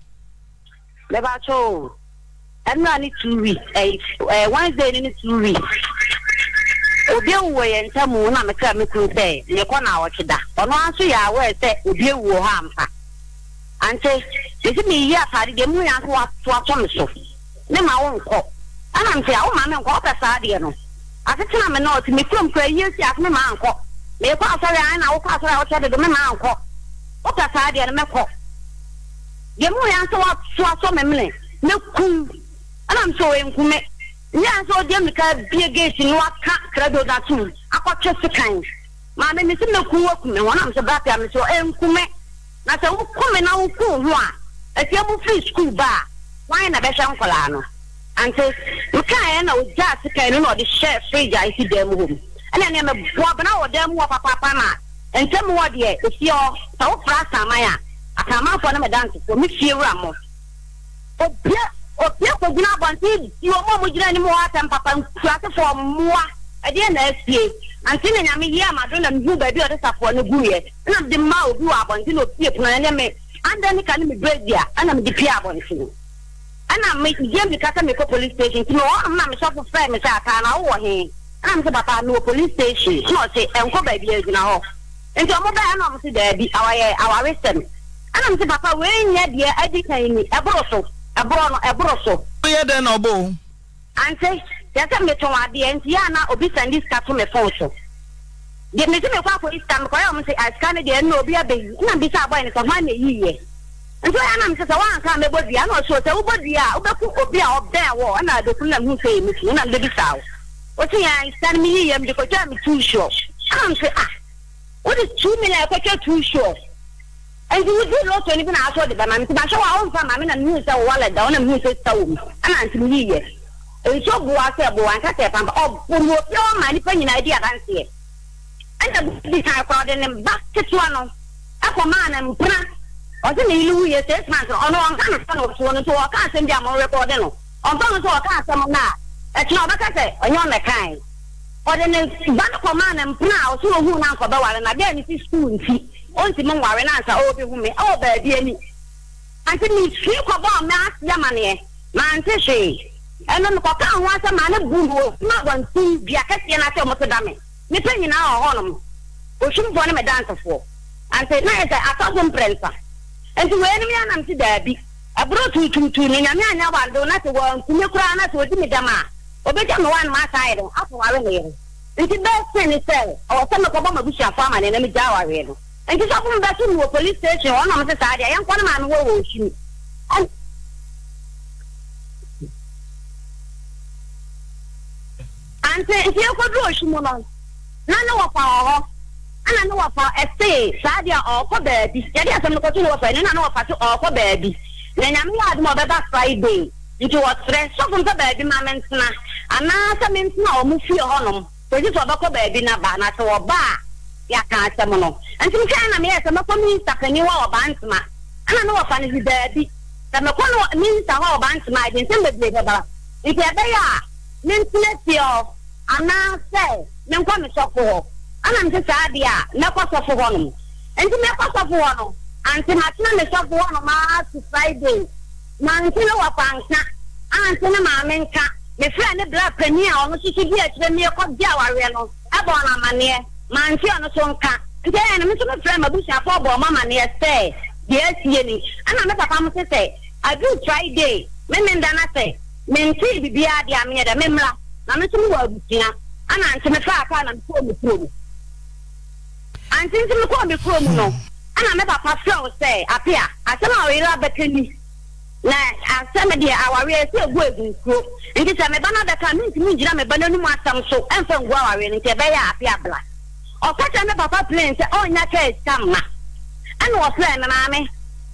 mebatụ ɛnura ne two weeks ɛyi eh, eh, wednesday ni two obi ewu wɔ yɛn ntam na mekira na ɔkye da ɔno nso yɛ obi ewu wɔ hɔ ampa ante mi mu so ma na a ɔkyɛ dodo me ma nkɔ ɔpɛ saa deɛ no deɛ mu yɛ asɛ wato asɔ mɛmlɛ ne kun ɛna mi sɛ ɔyɛ nkume ne yɛ asɛ ɔdeɛ mi ka bie geesi ne waka kredo da tum akɔtwe sikan maame mi sɛ ne kun wɔ kume wɔn na mi sɛ baapia mi sɛ ɔyɛ nkume na sɛ wokome na wokun ho a etia mu firi sukuu baa wɔn na bɛhyɛ nkɔlaa no ante nkaa yɛ na ogya sikan no na ɔde hyɛ firiji a esi dan mu hɔ mu ɛna nneɛma buabena wɔ dan mu hɔ papaapa na ntɛm wɔ deɛ esi hɔ sɛ wofra asaman a. akamanfoɔ no meda ntotoɔ me fie wura mɔ obia obia kogyina abɔnten di wɔn a anim wɔ papa mmoa na ante na nyame yie na baabi a ɔde safoɔ no guiɛ ɛna mede obi wɔ na opie pono ɛne anda ne ka ne bredi a ɛna pie ɛna yie mi kasa police station na mesɔfo sɛ na wowɔ he ɛna me sɛ papa police station na ɔse ɛnkɔ baabi agyina hɔ nti ɔmo na ɔmo ana m sị papa wee nye deɛ adi kan ni ɛboro so ɛboro no ɛboro so. yɛ dɛ na ɔbɔ. ante yɛsɛ metɔn adeɛ nti yɛ ndị obi sika to me so akɔ yɛ ɔmo sɛ asika deɛ obi abɛyi sɛ na eyi yɛ nti yɛ ana m sɛ sɛ wɔn anka mɛbɔ dua ɛnna ɔsɛ ɔsɛ wobɔ a obi a ɔbɛn wɔ ɛnna adokun na mu fɛ yi fi mbɛbi yi yɛ m sɛ ah wodi nti wodi lɔtɔ ni bi na asɔ de ba maame nti ba sɛ wa nfa na mihu sɛ wɔwɔ alɛ da ɔna mihu sɛ sɛ ɛna nti mu buwa sɛ buwa nka pampa a ɔma nipa nyinaa di adanseɛ ɛna bi kan ne ba ketewa no ɛkɔ maa na mpena ɔsi na ilu yɛ sɛ ɛsima sɛ ɔno ɔnka no na ɔtuo no so ɔka asɛm a mo rekɔɔde no na ɛkyina ɔbɛka ɔnyɛ ɔmɛ kan ɔde ne ba no kɔ na a na na o m mo nware na asa obi oh, hu mi ɛwɔ oh, baabi ani anti mi sui kɔbɔ ɔmɛ aseɛ ma neɛ ma nti hwee ɛno mi kɔka ho asɛ ma ne o ma wɔntum dua kɛseɛ na asɛ ɔmo to da mi nipa nyinaa wɔ hɔnom osu mbɔ ne mi dansefoɔ anti na yɛ e sɛ atɔ so mprɛnsa nti wɔ anim yɛ anam ti na sɛ wɔn nkume koraa na sɛ odi mi dam a obegya mi wan nti bɛɛ sɛ ne sɛ ɔwɔ sɛ mi kɔbɔ ma busuafo ama ne nam gya awareɛ nti sọ fún mi bẹ tún mi wọ police station wọn nà mo ti sáà di ẹ yẹn kọ́ ni maame wọ wọ oṣù mi. àǹtí nti ekó dúró oṣù mu nọ nánú wọ pa ọhọ ẹnna ní wọ pa ẹsẹ sáà di ọkọ bẹẹbi yàtí ẹsẹ mi kò tún wọ pa ẹni nánú wọ pa sí ọkọ bẹẹbi nyanyame yà àdúmọ̀ ọbẹ̀ bá friday nti wọ tẹrẹ sọfún mi sọ bẹẹbi máa mi ntena àná sẹ mi ntena ọmú fi ọhọ nọ mo èyí sọ ọbẹ̀ kọ bẹẹbi náà bá àná sọ wọ bá a yɛaka asɛm no nti mehwɛ na meyɛ sɛ mɛkɔ minista panyin hɔ ɔba ntoma ɛna ne wɔfa no fi baabi sɛ mɛkɔ no minista hɔ ɔba ntoma agye nsɛm bebree bɛbara nti ɛbɛyɛ a mentena fie hɔ anaasɛ menkɔ me sɔfo hɔ ɛna mete saa deɛ a mɛkɔ sɔfo hɔ nom nti mɛkɔ sɔfo hɔ no ante matena me sɔfo hɔ nom aa to friday mante ne wɔfa nka ante ne maame nka mefrɛ ne bra panyin a ɔno hyehyɛ bi akyerɛ meɛkɔ gye awareɛ no ɛbɔ no amanneɛ mante ọ so nka nti a no nso mefrɛ ma abusuafoɔ bɔ ọma ma ni papa m friday na sɛ mentee biribiaa deɛ ameyɛ dɛ na me nso mewɔ abusua ana nti mefaa kaa na mekɔɔ me kurom anti nti mekɔɔ me kurom no ana me papa frɛ wo sɛ ape a a ɔyera ni na asɛm deɛ awareɛ esi egu egu nkuro nti sɛ meba no bɛka mentumi so ngu nti ɔkɔkyɛ ne papa plane sɛ ɔnya oh, kɛɛs ka ma ɛna ɔfrɛ me maame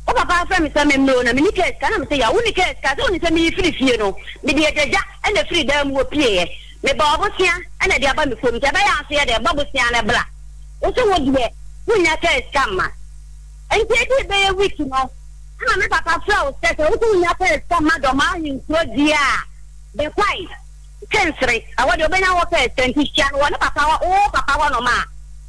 wo papa afrɛ me sɛ memmrɛ na meni kɛɛs ka na mesɛ yɛ wo ne kɛɛs ka sɛ wo ne sɛ meyi firi fie no mede agyagya ɛna firi daa mu wɔpieɛ meba ɔbosea ɛna de aba me fom sɛ ɛbɛyɛ aseɛ deɛ ɛba bosea no bla wo sɛ wo deɛ wonya kɛɛs ka ma nti ɛdi bɛyɛ week no ɛna me papa frɛ wo sɛ sɛ wo sɛ wonya kɛɛs ka ma dɔma ahe nkuro die a bɛkwae kɛnsere awɔde wobɛnya wɔ kɛɛs ka nti hyia no wɔ ne papa wɔ wo papa wɔ nom a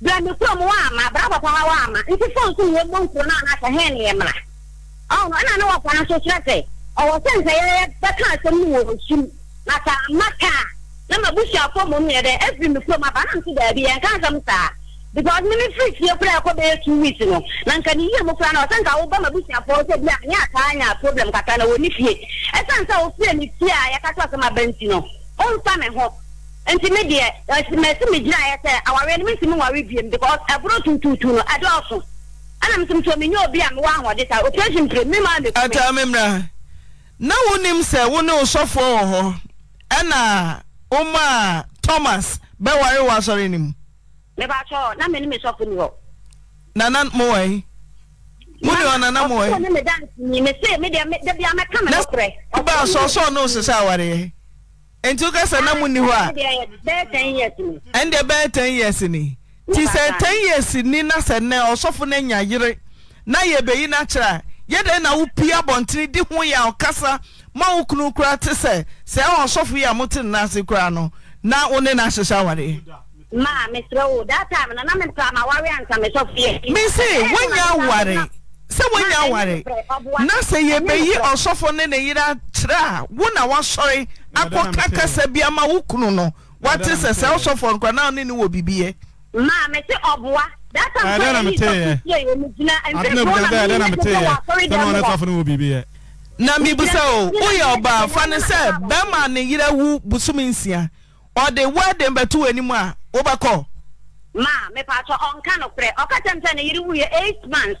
bẹẹni kúrò mu ama àmà abúlé papa wa wà àmà nti fóònù kúrò yẹ gbó nkúrò náà n'asẹ hẹn ni ẹ mìlá ọhún ẹnna ní wọ́n kwan so kyerẹ sẹ ọwọ sẹ nsẹ yẹyẹ bẹka asẹm ni wọ osu n'asa mmaka na ma busu afọ mu mu yẹ dẹ efiri mi kúrò mu aba náà nti dàbí yẹn nka nsẹm saa because mímí firi fie kúrò ẹkọ bẹyẹ two weeks no na nka ni yíyẹ mu kúrò náà ọsẹ nka wọ bá ma busu afọ ọsẹ bi a ní ata anya problem kata na wọ ní fie ẹsẹ nsẹ wọ fie ni fie a yẹ kakọ nti no ọ nti mi deɛ mɛsi eh, mi gyina sɛ mi si mi wari biem because ɛburo no ɛdɔɔso ɛna mi mi nye obi a mi wɔ ahoɔden operation pere mi maa mi kɔ ata mi mra na wonim sɛ wo ne osɔfoɔ wɔ hɔ ɛna ɔma thomas bɛware wɔ asɔre mu. na mi ni mi sɔfo ni hɔ. nana mo wɔ yi mo de ɔ nana yi. mi mi mi se mi deɛ mi debi mi nti woka na mu nni hɔ a ɛndeɛ bɛyɛ ten years ni nti sɛ ten years ni na sɛ nnɛ ɔsɔfo no anya yere na yɛbɛyi no akyerɛ a na wopie abɔntene di ho yɛ a ɔkasa ma wo kunu kora te sɛ sɛ ɛwɔ ɔsɔfo yi a mote ne no na wo ne ahyehyɛ maa mesrɛ wo that time no na mempɛ amaware ansa mesɔfo yɛ mese wonya awari. sɛ wonya aware na sɛ yɛbɛyi ɔsɔfo ne ne yera kyerɛ a wo na woasɔre akɔka kasa bi ama wo kunu no wate sɛ sɛ wosɔfo nkora na ne ne wɔ biribiɛ maa mete ɔboa na meteyɛ na mibusa o woyɛ ɔbaa fa ne sɛ bɛrima ne yera wu busom nsia ɔde wɔde mbɛto wɔ anim a wobɛkɔ maa mepatɔ ɔnka nokorɛ ɔka kyɛm sɛ ne yere wuyɛ eight months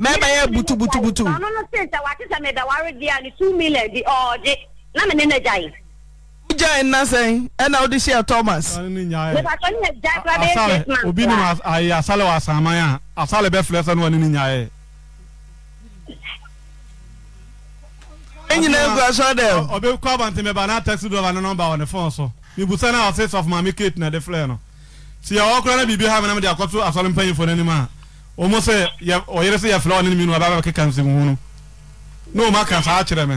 mɛbɛyɛ butubutubutu. ɔno no sin sɛ wate sɛ medaware deɛ a ne two million di ɔɔgye na me ne no gyae. wogyae nna sɛn ɛna wode hyɛɛ thomas. asale obi nim ayɛ asale wɔ asaman a asale bɛfrɛ sɛ no wɔne ne nyaeɛ. ɛnyina agu asɔ dɛ. ɔbɛkɔ abantɛmɛ ba na taxi driver ne nɔmba wɔ ne fɔn so mibusa na ɔse sɔfo maame kate na de filɛ no sɛ yɛwɔ koraa na biribi ha me na mede akɔto asɔre mpanyimfoɔ no anim a ɔmo ya ɔyere sɛ yɛfrɛ ɔne no minu ababa bɛkeka ka hu no na ɔmo aka saa kyerɛ me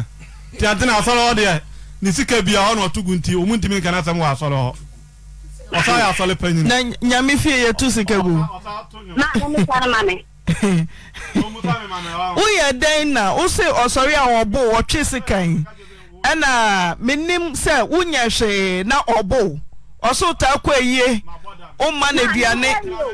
nti antena asɔre hɔ ya ne sika bia ɔna ɔto gu nti ɔmu na-asọ m wɔ asọrọ hɔ ɔsa ya asɔre panyin na nyame fie yɛto sika gu na wo ọ hwee na taa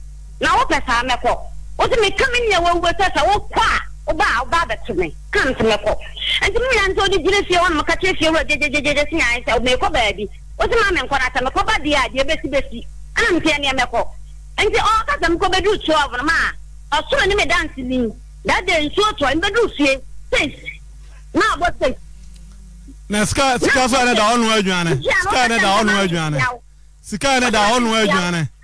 na wopɛ saa mɛkɔ wote meka me nyɛ wawuo sɛ sɛ wokɔ a woba a woba abɛto me ka nte mɛkɔ nti memena nti wode gyina fie wɔne meka kyerɛ fie wura gyagyagyagyagya se nyae sɛ meekɔ baabi wote ma menkɔ no sɛ mekɔ ba deɛ a deɛ bɛsi bɛsi ana meteɛ neɛ mɛkɔ nti ɔka sɛ mekɔ bɛduru twelve no ma a ɔsoro ne me danse ni that day nsuo tɔ mbɛduru fie six na abɔ six na sika sika so ne da ɔno adwane sika ne da ɔno adwane sika ne da ɔno adwane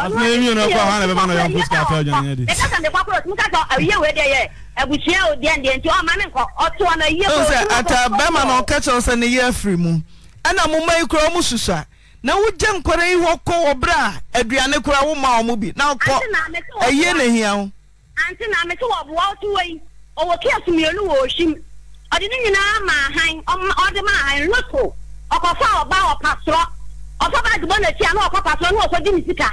ọ emi yɛn n'ɔkɔ hɔ anabɛba na ɔyɔn post kafe ɔjɔn yɛn di. ɛka sɛ ndekwa koro mu kasa awie wo deɛ yɛ abusua o deɛ deɛ nti ɔma mi nkɔ ɔto ɔna yie koro. nsɛ ata na ɛna mo mma yi kura susua na wogye nkɔla yi hɔ kɔ wɔ a aduane wo ma bi na ɔkɔ ɛyie na ehia ho. na mesi wɔ boa ɔto wɔ yi ɔwɔ kiasi mmienu wɔ ohim ɔde ne nyinaa ma ahan ɔde ma ahan ɔba ɔpasorɔ ɔfa bɔ n'akyi a na ɔkɔ pasorɔ na ɔkɔ di ne sika.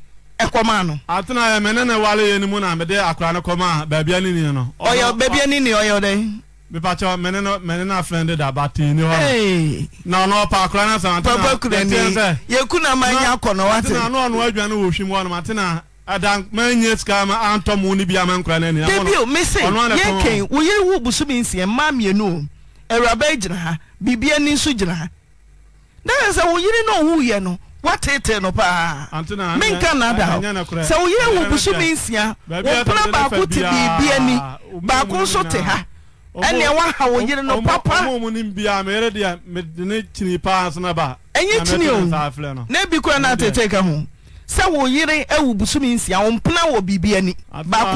ɛkɔma no. atena yɛ mɛ na wale yɛ ni mu na mɛ akora ne kɔma beebi ani ni no. ɔyɛ beebi ani ni ɔyɛ dɛ. mipakyɛ na mɛ na fɛn de da ba ni hɔ. na akora san. kura na ma nya kɔnɔ wa mu atena ada mɛ n ye sika ma an tɔ mu ni bi a mɛ nkura debi o o wo o gyina ha bibi nso gyina ha. woteetee no paamenka na da sɛ woyere awo bosom nsia wompena baako te biribia ni baako nso te haɛneɛ woaha wo yere no papaɛyɛ yini na bi kora no ateteka ho sɛ wo yere awo bosom nsia wompena wɔ birbiani baa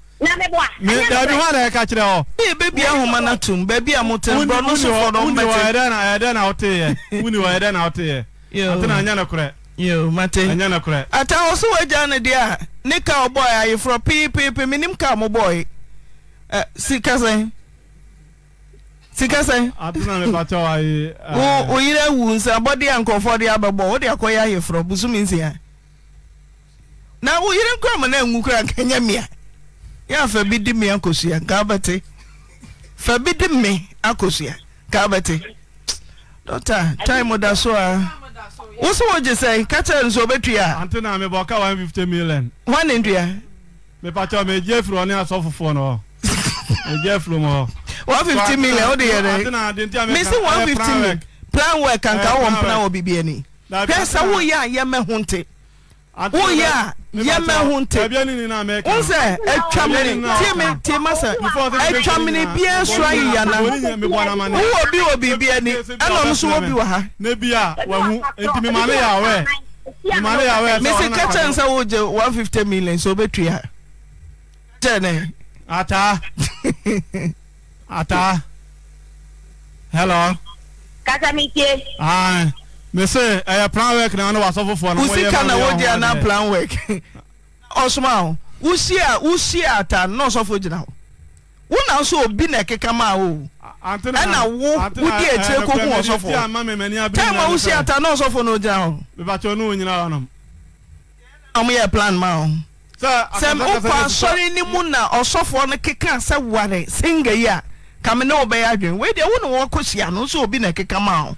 dabi hɔ na ɛka kyerɛ hɔ. ee beebi ahoma na tum beebi a mo tɛ no so fɔ dɔn mɛtɛ. wuni wɔ ɛdɛ na ɛdɛ na ɔte yɛ wuni wɔ ɛdɛ na ɔte yɛ ɔte na anya na korɛ. yoo mate anya na korɛ. ata ɔso wagya ne deɛ a ne ka ɔbɔ yɛ ayeforɔ piipiipi mi nim ka mo bɔ yi ɛ sika sɛn sika sɛn. atena ne pata wa ye. wo wo eh. yire wu nsa bɔde a nkɔfɔ de abɛbɔ o de akɔ yɛ ayeforɔ busumi nsia na wo yire nkura mu na ngu kura mia. ya fẹ bi di mi akosua ka abete fa bi di mi akosua ka abete dɔkta time da so a wosi wo gye sɛ kakyɛ nso obetua. ante na mi bɔ ɔka one fifty million. wọn ni ntua. mipatsɔ mi gye firi ɔne asɔfofoɔ mi one fifty million o de yɛ dɛ one fifty million plan work kankan eh, wɔn plan wɔ bibi ɛni pɛ sɛ woyɛ a woyɛ oh, a ya ho ntewosɛ atwamenetima sɛ atwamene biaa so ayeyana wowɔ bi wɔ biribi ani ɛnɔm so wɔ bi wɔ ha mesi ka kyɛne sɛ one 150 million sɛ wobɛtua kyɛne ataa mese ɛyɛ plan work na ɔne wasɔ fofoɔ no ka na wodi ana plan work ɔsoma ho wosi a wosi a ata na ɔsɔfo gyina hɔ wona nso obi na ɛkeka ma o ɛna wo wodi akyire eh, koku eh, ɔsɔfo eh, time a ata na ɔsɔfo no gyina hɔ mebakyɛ no onyina hɔ nom ɔmo plan ma ho sɛ wokɔ asɔre no mu na ɔsɔfoɔ no keka sɛ ware senga yi a kame ne wobɛyɛ wei deɛ wo ne wɔkɔ hyia no nso obi na ɛkeka ma ho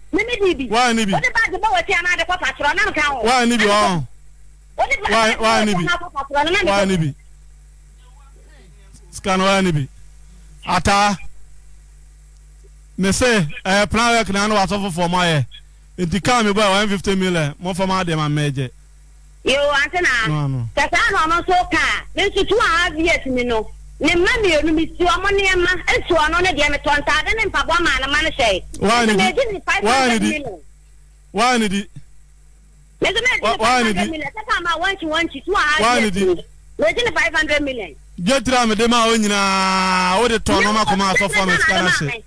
mímí di ibi. wáyé níbi. wọ́n ti báàgì bọ́wọ́ tí a máa dẹ́kọ́ fàtúrọ̀ náà nǹkan o. wáyé níbi ọ̀hún. ata ne se eh, plan work na ano wa sɔfo fɔ ɔmo ayɛ nti kaa mi bɔ yɛ one fifty million mo fɔ mo ma mɛ jɛ. yoo ante na tẹsán ọmọ so kaa ní tuntun àwọn avs mi nù. No ne mma mmienu bi si ɔmo nneɛma esi ɔno ne deɛ metɔ ntaade ne mpaboa ma anama no hyɛ. waani di waani di waani di. mesi mi edi ni five hundred million sɛka ma wɔnkyi wɔnkyi tu a. waani di mesi ni five hundred million. jɛtiri a mi de ma o nyinaa o de tɔn nɔma kɔma asɔfo a mi sika na se.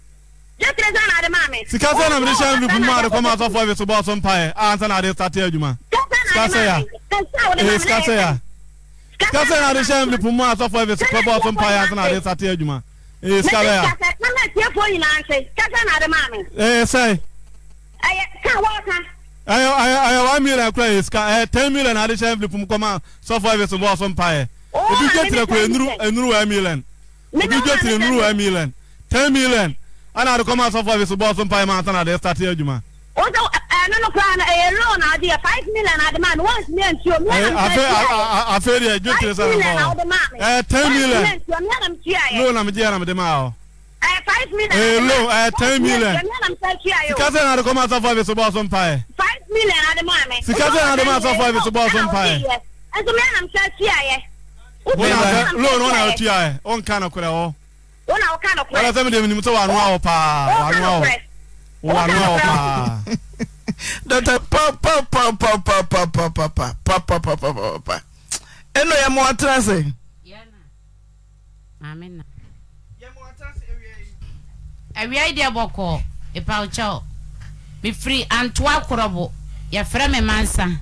jɛtiri sɛ na de ma mi. sika sɛ na mi de hyɛn mi kun mu a de kɔma asɔfo a mi so bɔ so mpa yɛ a nsa na de sati adwuma. sika sɛ ya ee sika sɛ ya. E a kẹsẹ yàrá iṣẹ mi pùmọ asọfọ ẹbí sọpẹ bọ ọsọ mpa yàtọ náà adé sátẹ ẹdwuma ee sika bẹyà. mẹsì tiẹ fo nyinaa nse kẹsẹ náà adé maa mi. ee sẹyìn. ẹyẹ kan wọ́ọ̀ kan. ẹyẹ ẹyẹ ẹyẹ one million kura yẹ sika ẹyẹ ten million adé iṣẹ mi pùmọ kọ́má sọfọ ẹbí sọpẹ ọsọ mpa yẹ. obi jẹ tirẹ kọ enuru enuru one million obi jẹ tirẹ enuru one million ten million ẹna adé kọ́má sọfọ ẹbí sọpẹ ọsọ mpa yẹ maa ɛno no koraa no ɛyɛ loan adeɛ ah, five million ade ah, maa no one million tuo mi anam tuo yɛ afei deɛ dwe tiri sɛ no hɔ ɛɛ ten million loan am gye anam de maa hɔ ɛɛ five million ɛɛ loan ɛɛ ten million sika sɛ na de kɔma asɔfo abi so bɔ so mpa yɛ five million ade maa mi sika sɛ na de kɔma asɔfo abi so bɔ so mpa yɛ nso mi anam sɛ tia yɛ wọ́n na sɛ eh, loan wọ́n na tia yɛ wọ́n nka no korɛ wɔ wọ́n na wọ́n ka no korɛ wọ́n mi de mi nim sɛ wà á paa wà á nua paa. ɛnɔ yɛmoatera sɛ iai deɛ ɔkɔɔ paɛ mefiri antoa korɔbo yɛfrɛ me mansa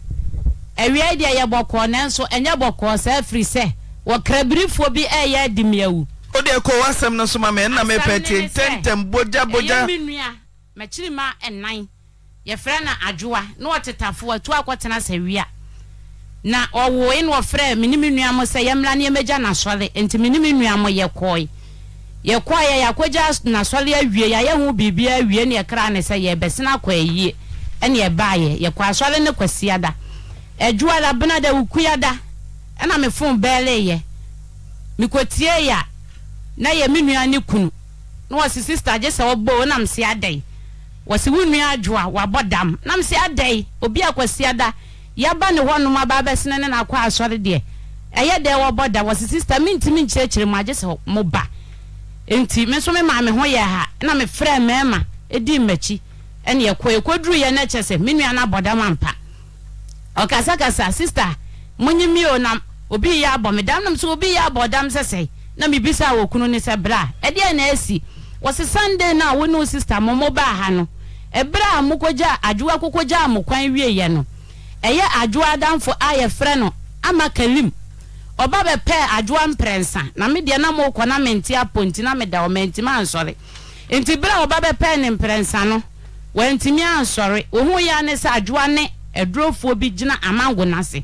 awiai deɛ yɛ bɔkɔɔ nanso ɛnyɛ bɔkɔɔ saa firi sɛ wɔkrabirifoɔ bi yɛ adi me awuode kɔɔ asɛm no so ma mɛnna mpɛeyaa yɛfrɛ no adwoa na ɔtetafo atu akɔtena sɛ wia na ɔwoe na ɔfrɛ mene me nua mo sɛ yɛmmra ne yɛmɛgya n'asɔre nti mene me nua mo yɛkɔe yɛkɔe yɛakɔgya n'asɔre awie yɛayɛ ho biribiaa awie ne yɛkra ne sɛ yɛbɛsena akɔ ayie ɛne ɛbaayɛ yɛkɔ asɔre ne kwasia da adwoa da bena da wokuya da ɛna me fon bɛɛleyɛ mekɔtie yɛ a na yɛ me nua ne kunu na ɔse sister gye sɛ wɔbɔ wo nam se adɛn wɔsɛ wo nnua adwo wabɔ dam nam sɛ adɛn obi akɔsiada yɛba ne hɔnom aba bɛsene ne nakɔ asɔre deɛ ɛyɛ dɛn wɔbɔ da wɔsɛ sista mentimi nkyerɛkyerɛ mu agye sɛ mo ba nti me nso me maa me ho yɛ ha na mefrɛ mmarima edi mmakyi ɛne ɛkɔ ɛkɔduru yɛ no kyɛ sɛ me nua no abɔ dam ampa ɔkasakasa sista monye mi o nam obi yɛ abɔ me dam nam sɛ obi yɛ abɔ dam sɛ sɛ na mebisa wɔ kunu ne sɛ bra ɛdeɛ na esi wɔsɛ sunday na a wo ne wo sista mo mo baa ha no ɛberɛ a mokɔgya adwowa kokɔgyaa mo kwan ya no ɛyɛ adwowa adanfo a yɛfrɛ no ama kalim ɔba bɛpɛɛ adwowa mprɛnsa na medeɛ na mokɔ na mente aponti na meda ɔmantimi ansɔre nti berɛ a ɔba bɛpɛɛ ne mprɛnsa no wantimi ansɔre ɔhu ya ne sɛ adwowa ne adurɔfoɔ bi gyina amango no ase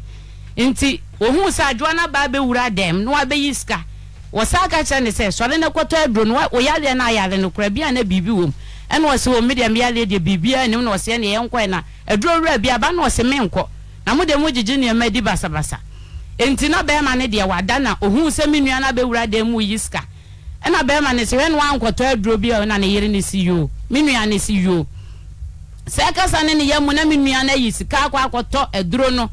nti ɔhu sɛ adwowa no abaa bɛwura dɛm na wabɛyi sika wɔsaa ka kyerɛ ne sɛ sɔre ne kɔtɔ aduro no woyareɛ no ayare no kora bi a na biribi wɔ mu ɛna ɔsɛ wɔ media meyɛ deɛ biribiaa anim na ɔsɛ neɛ yɛnkɔɛ na aduro wura bi aba na ɔsɛ menkɔ na mode mu gyegye nneɛma di basabasa enti na bɛrima ne deɛ wada na ohuu sɛ me nua no abɛwura dan mu yi sika ɛna bɛrima ne sɛ hwɛ ne wankɔtɔ aduro bi a na ne yere ne si yoo me nua ne si yoo sɛ kasa ne ne yɛ mu na me nua no ayi sika akɔ akɔtɔ aduro no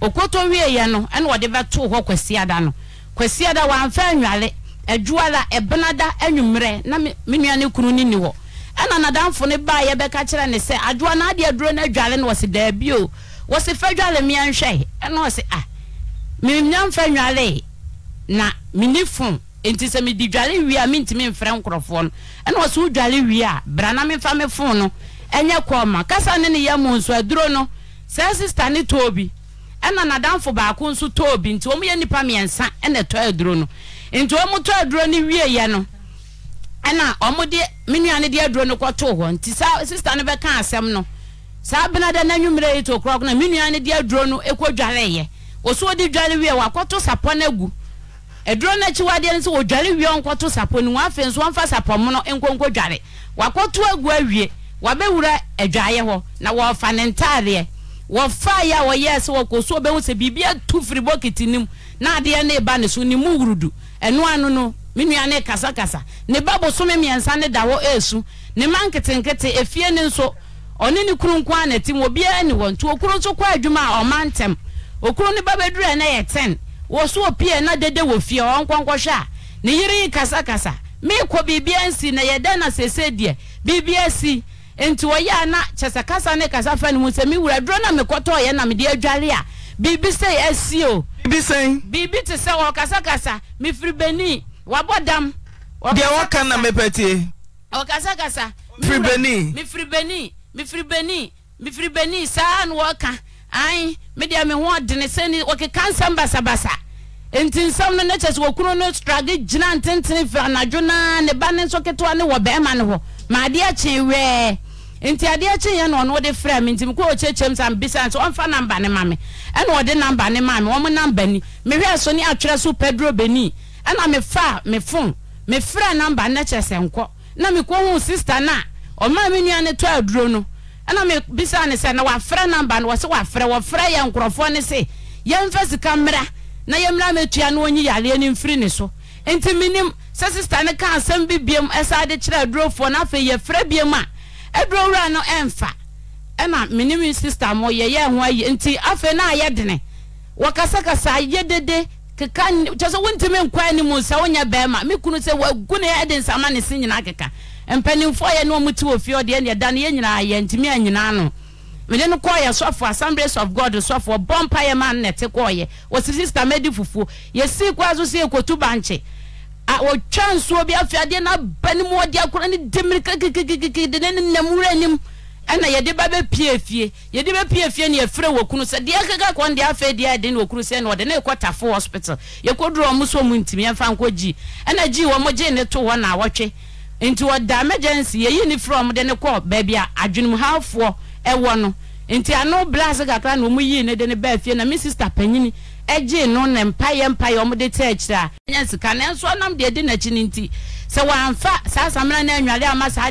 okoto wieɛ no ɛna ɔde bɛtoo hɔ kwasiada no kwasiada wamfa anwale adwuada ɛbenada anwummerɛ na me nua ne kunu ne ni hɔ ɛna nadamfo no baa yɛbɛka kyerɛ ne sɛ adwoa no adeɛ aduro no adwale no wɔse daabi o wɔse fa dwale mea nhwɛ ɛna ɔse ah memnya mfa nnwale na meni fo nti sɛ medi dwale wie a mentumi mfrɛ nkurɔfoɔ no ɛna ɔse wo dwale wie a bra na memfa me fo no ɛnyɛ kɔɔma kasa ne ne yɛ mu nso aduro no sɛ sista ne tɔɔ bi ɛna nadamfo baako nso tɔɔ bi nti wɔn yɛ nipa mmiɛnsa ɛna ɛtɔ aduro no nti wɔn tɔ aduro no wie yɛ no ɛna ɔmo de me nua ne de aduro no kɔtoo hɔ nti saa sista no bɛka asɛm no saa bena na n'anwummerɛ yi to korɔ na me nua ne de aduro no ekɔ dware yɛ osuo de dware wie wakɔto sapɔ no agu aduro no akyi wadeɛ no sɛ wɔdware wie ɔnkɔto sapɔ no wɔn afei nso wɔnfa sapɔ mu no nkonko dware wakɔto agu awie wabɛwura adwaeɛ hɔ na wɔfa ne ntaareɛ wɔfa yɛ a wɔyɛ sɛ wɔkɔ so bɛhu sɛ biribi atu firi bokiti nim na adeɛ no eba ne so ne mu wurudu ɛno ano no me nua ne kasakasa ne ba bosome mmiɛnsa ne da hɔ esu ne ma nketenkete efie ne nso ɔne ne kuru nko ana ti mu obiara ne wɔn nti okuru nso kɔ adwuma a ɔma ntɛm okuru ne ba beduru ɛna yɛ ten wɔso opie na dede wɔ fie ɔn kɔnkɔhwɛ a ne yere yi kasakasa meekɔ biribiara nsi na yɛ dɛ na sese deɛ biribiara si nti wɔyɛ a na kyɛsɛkasa ne kasa fa ne mu sɛ me wura duro na mekɔtɔɔ yɛ na mede adware a biribi sɛ asi o biribi sɛn biribi te sɛ wɔ kasakasa benin wabɔ dam. deɛ wɔka na mepɛ tie. ɔkasakasa. firibeni. mifiribeni mifiribeni mifiribeni saa na wɔka ayi mi deɛ mi ho ɔdini sɛni wɔkeka nsɛm basabasa nti nsɛm no n'ekyɛ sɛ wɔkunu no strage gyina ntenten fɛ anadwo naa ne ba ne nso ketewa ne wɔ bɛrima ne hɔ ma adeɛ kyen wɛɛ nti adeɛ kyen yɛ na ɔno de fira mi nti mi kɔ ɔkyekyem sa mbisa nso ɔnfa namba ne ma mi ɛna ɔde namba ne ma mi wɔn namba ni mehwɛ so ne atwerɛ so pedro benin ɛna mefa me phone mefrɛ namba ne kyɛ sɛ nkɔ na mekɔhu sista no a ɔma me nua no tɔ aduro no ɛna mebisa ne sɛ na wafrɛ namba no wɔ se wafrɛ wɔfrɛ yɛ nkurɔfoɔ ne se yɛmfa sika mmra na yɛmmra mɛtua na wɔnyi yareɛ no mfiri ne so nti menim sɛ sista no ka asɛm bi biam ɛsa de kyerɛ adurofoɔ na afei yɛfrɛ biam a aduro wura no ɛmfa ɛna menim sista mo yɛyɛ ho ayi nti afei no a yɛdene wɔkasakasa yɛdede keka kyɛ sɛ wontumi nkɔ anim sɛ wonyɛ bɛrima me kunu sɛ wagu ne ɛde nsama ne se nyinaa keka mpanimfoɔ yɛ ne ɔmo te wɔ fie ɔdeɛ ne ɛda no yɛ nyinaa yɛ ntumi no mede no kɔɔyɛ sɔfo assemblies of god sɔfo bɔ mpa yɛ ma nnɛte kɔɔyɛ wɔsi sista mɛdi fufuo yɛsii kora so sɛ yɛkɔtu bankye wɔtwa nsuo bi afi adeɛ no aba ne mu ɔde akora ne demirikakikikiki de ne nam wura anim ɛna yɛde ba bɛ pie fie yɛde bɛ pie fie ne yɛfrɛ wɔ kunu sɛ deɛ keka kɔn deɛ afɛ deɛ ɛde ne wɔ kunu sɛ ne wɔde ne kɔ tafo hospital yɛkɔ duro ɔmo so ɔmo ntumi ɛfa nkɔ gyi ɛna gyi wɔn gye ne to hɔ na awɔtwe nti wɔda emergency yɛyi ne frɛ ɔmo de ne kɔ baabi a adwenemhafoɔ ɛwɔ no nti ano blase kakra na ɔmo yii ne de ne bɛɛ fie na me sista panyini ɛgye no ne mpaeɛ mpaeɛ ɔmo de tɛ akyire a ɛnyɛ sika na nso ɔnam deɛ di n'akyi ne nti na anwale ama saa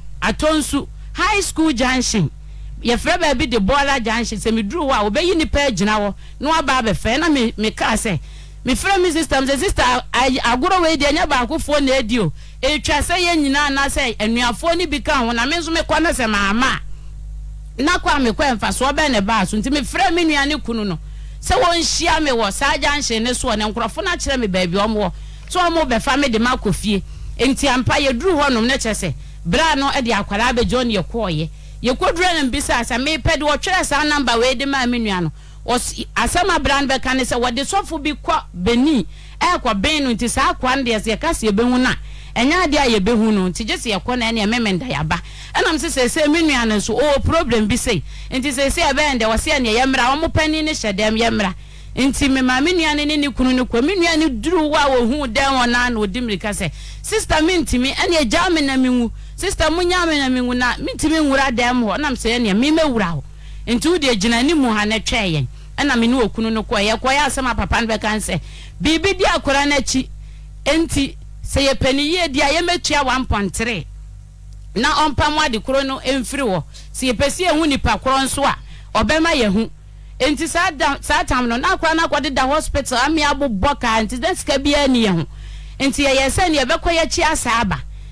atonsu high school junction yɛfrɛ baabi de bɔɔla junction sɛ meduru hɔ a wɔbɛyi nipa agyina hɔ na waba abɛfɛ na me sɛ mefrɛ me sister m sɛ sister agorɔ wei deɛ nyɛ baakofoɔ na adi o ɛtwa sɛ yɛn nyinaa na sɛ anuafoɔ no bi ka ho na me nso mekɔ no sɛ maama a na kɔ a mekɔ ɛmfasoɔ bɛn ne baa so nti mefrɛ me nua ne kunu no sɛ wɔnhyia me wɔ saa junction ne soɔ ne nkurɔfo no akyerɛ me baabi ɔmwɔ sɛ ɔmo bɛfa me de ma fie nti ampa yɛduru hɔnom ne kyerɛ sɛ bra no e de akwadaa bɛgya ɔne yɛkɔɔyɛ yɛkɔdura no mbisa sɛ mepɛ de twere sa number we de ma me nua no asɛm abra no kan se sɛ wɔde sɔfo bi kɔ beni ɛɛkɔ eh, ben no nti saa kwa no deɛ sɛ yɛka sɛ yɛbɛhu no a ɛnyɛ adeɛ a yɛbɛhu no nti gye sɛ yɛkɔ no ɛneɛ memenda yɛaba ɛnam se se me nua no so o problem bi se nti se se e be sɛsɛ wo se wɔsɛ ye mra wo mpani ni hyɛ ye mra nti me ma me nua ne ne kunu ne kɔ me nua ne duru wa wo hu dɛn wo na na odi se sister sɛ sista mentimi ɛneɛ gyaa me na menwu sista munyame na menguna mitimi nwura na mse nam sɛ me wura ho nti de gyina ni mu ha na twɛɛ yɛn ɛna me ni okunu no kwa ye kwa asɛm a papa no bɛka n sɛ biribi di akora no akyi enti sɛ yɛpɛni yie di a yɛmɛtua wampɔntere na ɔmpa mu ade koro no emfiri ho se ye pesi yɛhu nipa korɔ nso a ɔbɛma yɛhu nti saa da sa tam no na na kwa kwa de da hospital amia abobɔ kaa nti de ska bia ni yɛn ho nti yɛyɛ sɛ neɛ bɛkɔ yɛkyi chi asaba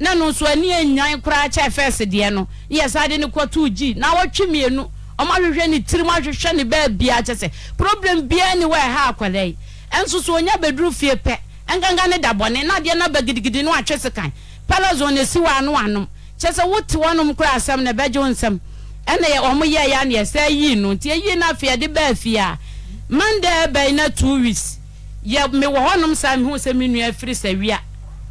na no nso ani enyan koraa kyɛ fɛs deɛ no yɛ de ne kɔtoo gyi na wɔtwe mmienu ɔmo ahwehwɛ ne tirim ahwehwɛ ne bɛɛ bia kyɛ sɛ problem bia ni wɔ ɛha akwadaa yi ɛnso so onya bɛduru fie pɛ ɛnkankan ne da bɔne na adeɛ na ba gidigidi no atwe sekan palazon na esi wɔ ano anom kyɛ sɛ wote wɔnom koraa asɛm na ɛbɛgye wɔn nsɛm ɛna yɛ ɔmo yɛ ya na yɛsɛ yii no nti eyi na afei yɛde bɛɛ fie a bɛyi na two weeks yɛ mewɔ hɔnom saa mehu sɛ me nua afiri sɛ wia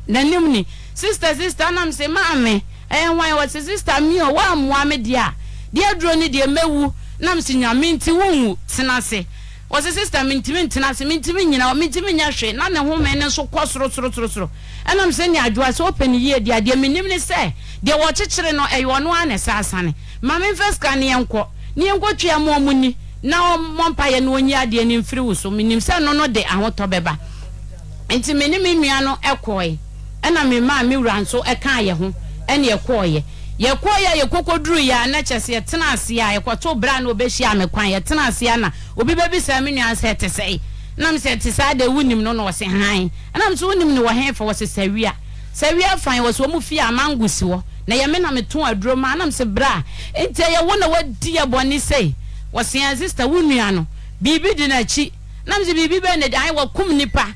n'anim ni sista sista nam sɛ maame ɛyɛ hwan wɔte sista mi o wɔammoa me deɛ a deɛ duro ne deɛ mɛwu nam sɛ nyame nti wonwu tena ase wɔsɛ sista mentimi ntena ase mentimi nyina mentimi nyɛ hwee na ne home ne nso kɔ soro soro soro soro ɛnam sɛ ne adwoa sɛ wopɛ ne yie deɛ deɛ menim ne sɛ deɛ wɔkyekyere no ɛyɛ ɔno a ne sa asane ma memfa sika ne yɛnkɔ ne yɛnkɔ twea ma ɔmu ni na ɔmmɔ mpayɛ na ɔnyi adeɛ ne mfiri wo so menim sɛ no no de ahotɔ bɛba nti me ne me nua no ɛkɔe ɛna me maa me wura nso ɛka yɛ ho ɛna yɛkɔɔ yɛ yɛkɔɔ yɛ yɛkɔkɔ duru yɛ a na kyɛ sɛ yɛtena ase a yɛkɔto bra na obɛhyia me kwan yɛtena ase na obi bɛbi sɛ me nua sɛ ɛte sɛ nam sɛ ɛte saa de wonim no na wɔsɛ han ɛnam sɛ wonim no wɔ hen fa wɔsɛ sawia sawia fan wɔ wɔn na yɛme nam to mu a nam sɛ bra nti na wadi yɛ bɔne sɛ wɔsɛ yɛn sista wo nua no biribi di n'akyi nam sɛ biribi bɛyɛ n'adi nipa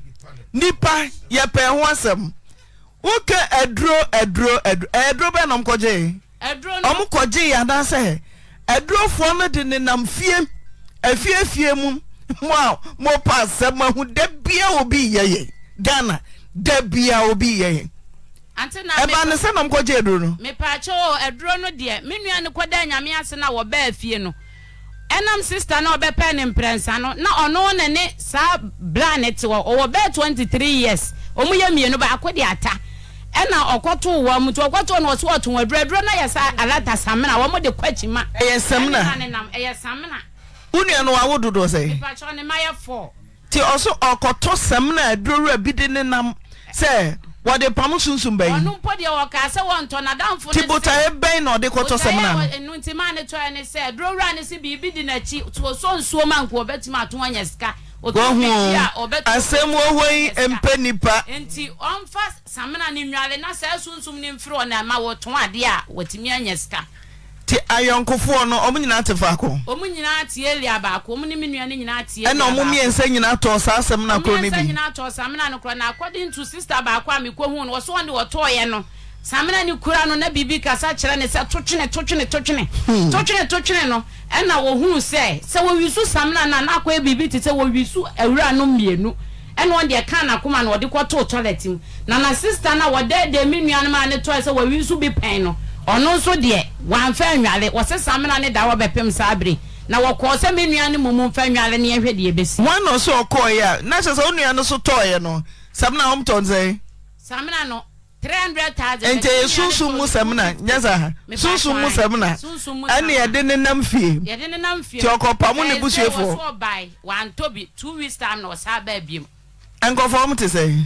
nipa yɛpɛ ho asɛm woke aduro aduro aduro bɛ nom kɔgye ɔmo kɔgye yɛ anaasɛ adurofoɔ no de nenam fie afiefie mu mo a pa asɛm ahu da obi yɛ yɛ ghana da obi yɛ yɛ ɛba ne sɛ nom kɔgye aduro no mepaakyɛ o aduro no deɛ me nua no kɔda nyame ase no a wɔbaa fie no ɛnam sista na ɔbɛpɛ ne mprɛnsa no na ɔno na ne saa bra ne te hɔ ɔwɔ bɛɛ twenty three years ɔmu yɛ mmienu baako de ata ɛna ɔkɔto wɔn mu to ɔkɔto na ɔso ɔto wɔn aduradura na yɛ sa alata samina wɔn de kɔ akyi ma. ɛyɛ samina ɛyɛ samina. wúni ɛnu awo dodo sɛ. ìpàtɔ ni mayɛ fɔ. ti ɔso ɔkɔtɔ samina aduradura bi de ne nam sɛ wɔde pamu sunsun bɛyi. ɔno mpo deɛ wɔka sɛ wɔntɔ n'adamfo ne sɛ. tibota ebɛn na ɔde kɔtɔ sɛmina. enu nti maa ne tɔɛ ne sɛ durowura ne sɛ biribi di n'akyi to so nsuo ma nko ɔbɛtumi ato wɔn yɛ sika. wɔhu asɛm wɔwɔ yi mpɛ nipa. nti ɔnfa samina ne nwale na sɛ sunsun ne nfiri ma wɔtɔn adeɛ a wɔtumi nti ayɔnkofoɔ no ɔmo nyinaa te faako ɛna ɔmo mmiɛnsa nyinaa tɔɔ saa asɛm no akoro no bi samina ne kura no na biribi kasa kyerɛ ne sɛ totwene totwene totwene hmm. totwene totwene no ɛna wɔhunu sɛ sɛ wɔwisu samina no a na akɔyɛ biribi te sɛ wɔwisu awura no mmienu ɛna wɔn deɛ kaa n'akoma no wɔde kɔtoo toilet mu na na sista no a wɔdɛɛdɛɛ mi nua no ma ne sɛ bi pɛn no ɔno nso deɛ wamfa nnwale wɔse samena ne da wɔbɛpem saa bere na wɔkɔɔ sɛ me nua no mumu mfa nnwale ne yɛhwɛ deɛ bɛsi wọn nọ so ọkọọyẹ a n'ahyẹ sẹ onua no so tọọyẹ no samina ọm tọ samena no 300,000 nti ɛyɛ sunsun mu samina nyesa, ha sunsun mu samina ɛna yɛde nenam fie yɛde ne nam fie ti ɔkɔpamu ne busuafo wɔsɔ ɔbae wantɔ bi two weeks time na ɔsa baa biem sɛ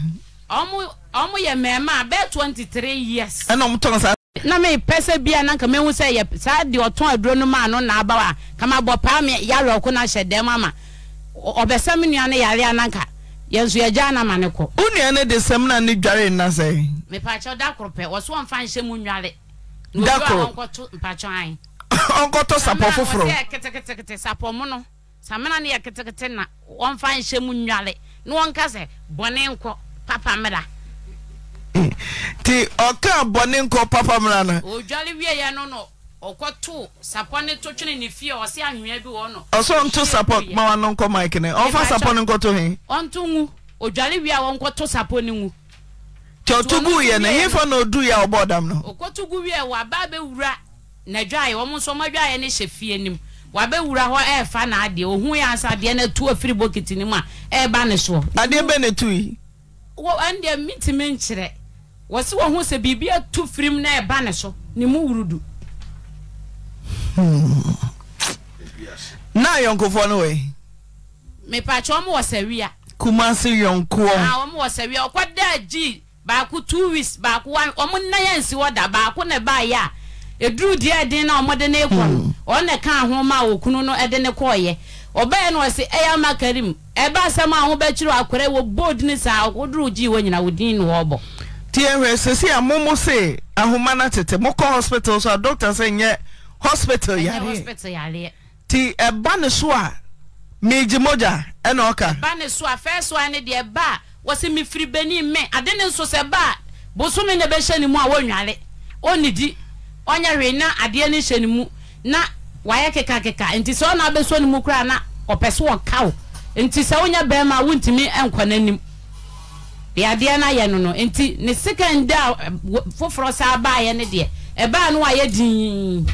ɔmo yɛ mmarima a bɛɛ 23 years ɛna ɔm tɔn saa na mi pɛsɛ bia na nka mehu sɛ yɛ saa de ɔtɔn aduro no maa no na aba wa kama bɔ paa mi yare ɔko na hyɛ dɛm ama ɔbɛsɛ mi nua ne yare ananka yɛn nso yɛgya na ma ne kɔ. o nua ne de sɛm na ne dware nna sɛ. mipakyɛw dakoro pɛ wɔso ɔnfa nhyɛ mu nware. dakoro ɔnkɔto mpakyɛw anyi. ɔnkɔtɔ sapɔ foforɔ. samina wɔsɛ ketekete sapɔ mu no samina ne yɛ ketekete na ɔnfa nhyɛ mu nware na wɔn kasa bɔnne nkɔ papa mmerɛ. nti ɔka bɔne nkọ papa mmara no ɔdware wieɛ no no ɔkɔto sapɔ ne to twene ne fie ɔse ahwea bi wɔ no ọsọ ɔnto sapɔ ma wa no nkɔ mike ne ɔmfa sapɔ no nkɔto nwu ɔdware wie a wɔnkɔto sapɔ no nwu nti ɔto gu yɛ no hefa na ɔdu yɛ a dam no ɔkɔto gu wie wɔaba bɛwura n'adwaeɛ wɔn nso wɔn fie nim wabɛwura hɔ ɛɛfa n'adeɛ ohun yɛ ansa adeɛ no tu afiri bokiti ne a ɛɛba ne soɔ adeɛ bɛ tu yi wɔ ɛndeɛ mi ti mi nkyerɛ wɔse wɔ ho sɛ biribi atu firim na ɛba ne so ne mu du. Hmm. na yɔnkofoɔ no wei mepakyɛ ɔm wɔ sawia Kumasi yɔnkoɔ ah, ɔm wɔ sawia ɔkɔda gyi baako two weeks baako one ɔmo nna yɛ nsi hɔ da baako na baayɛ a eduru deɛ ɛden na ɔmo de ne kɔ no hmm. ɔno ka ho ma okunu no ɛde ne kɔɔyɛ ɔbɛyɛ no ɔsi ɛyɛ ama karim ɛbɛ asɛm a ho bɛkyerɛ akɔrɛ wɔ board ne saa ɔkodoro gyi wɔ nyina wɔ din no wɔbɔ. tiɛhwɛ sɛsi a momo se ahoma na tete mokɔ hospital so a doctor sɛ nyɛ hospital yareɛ nti ɛba ne so a megye mogya ɛna ɔka ba ne so a fɛɛ so a ne deɛ ba a wɔsɛ mefiri bani me ade ne nso sɛ ba a bosome na bɛhyɛ ne mu a wɔnware ɔnnidi ɔnyɛ hwee na adeɛ no hyɛ ne mu na wayɛ kekakeka nti sɛ ɔna abɛsɔ ne mu koraa na ɔpɛ so ɔka wo nti sɛ wonyɛ bɛrima a wontumi nkɔ n'anim deɛ adeɛ no ayɛ no no nti ne a eh, foforɔ saa baayɛ no deɛ ɛbaa no wayɛ dinn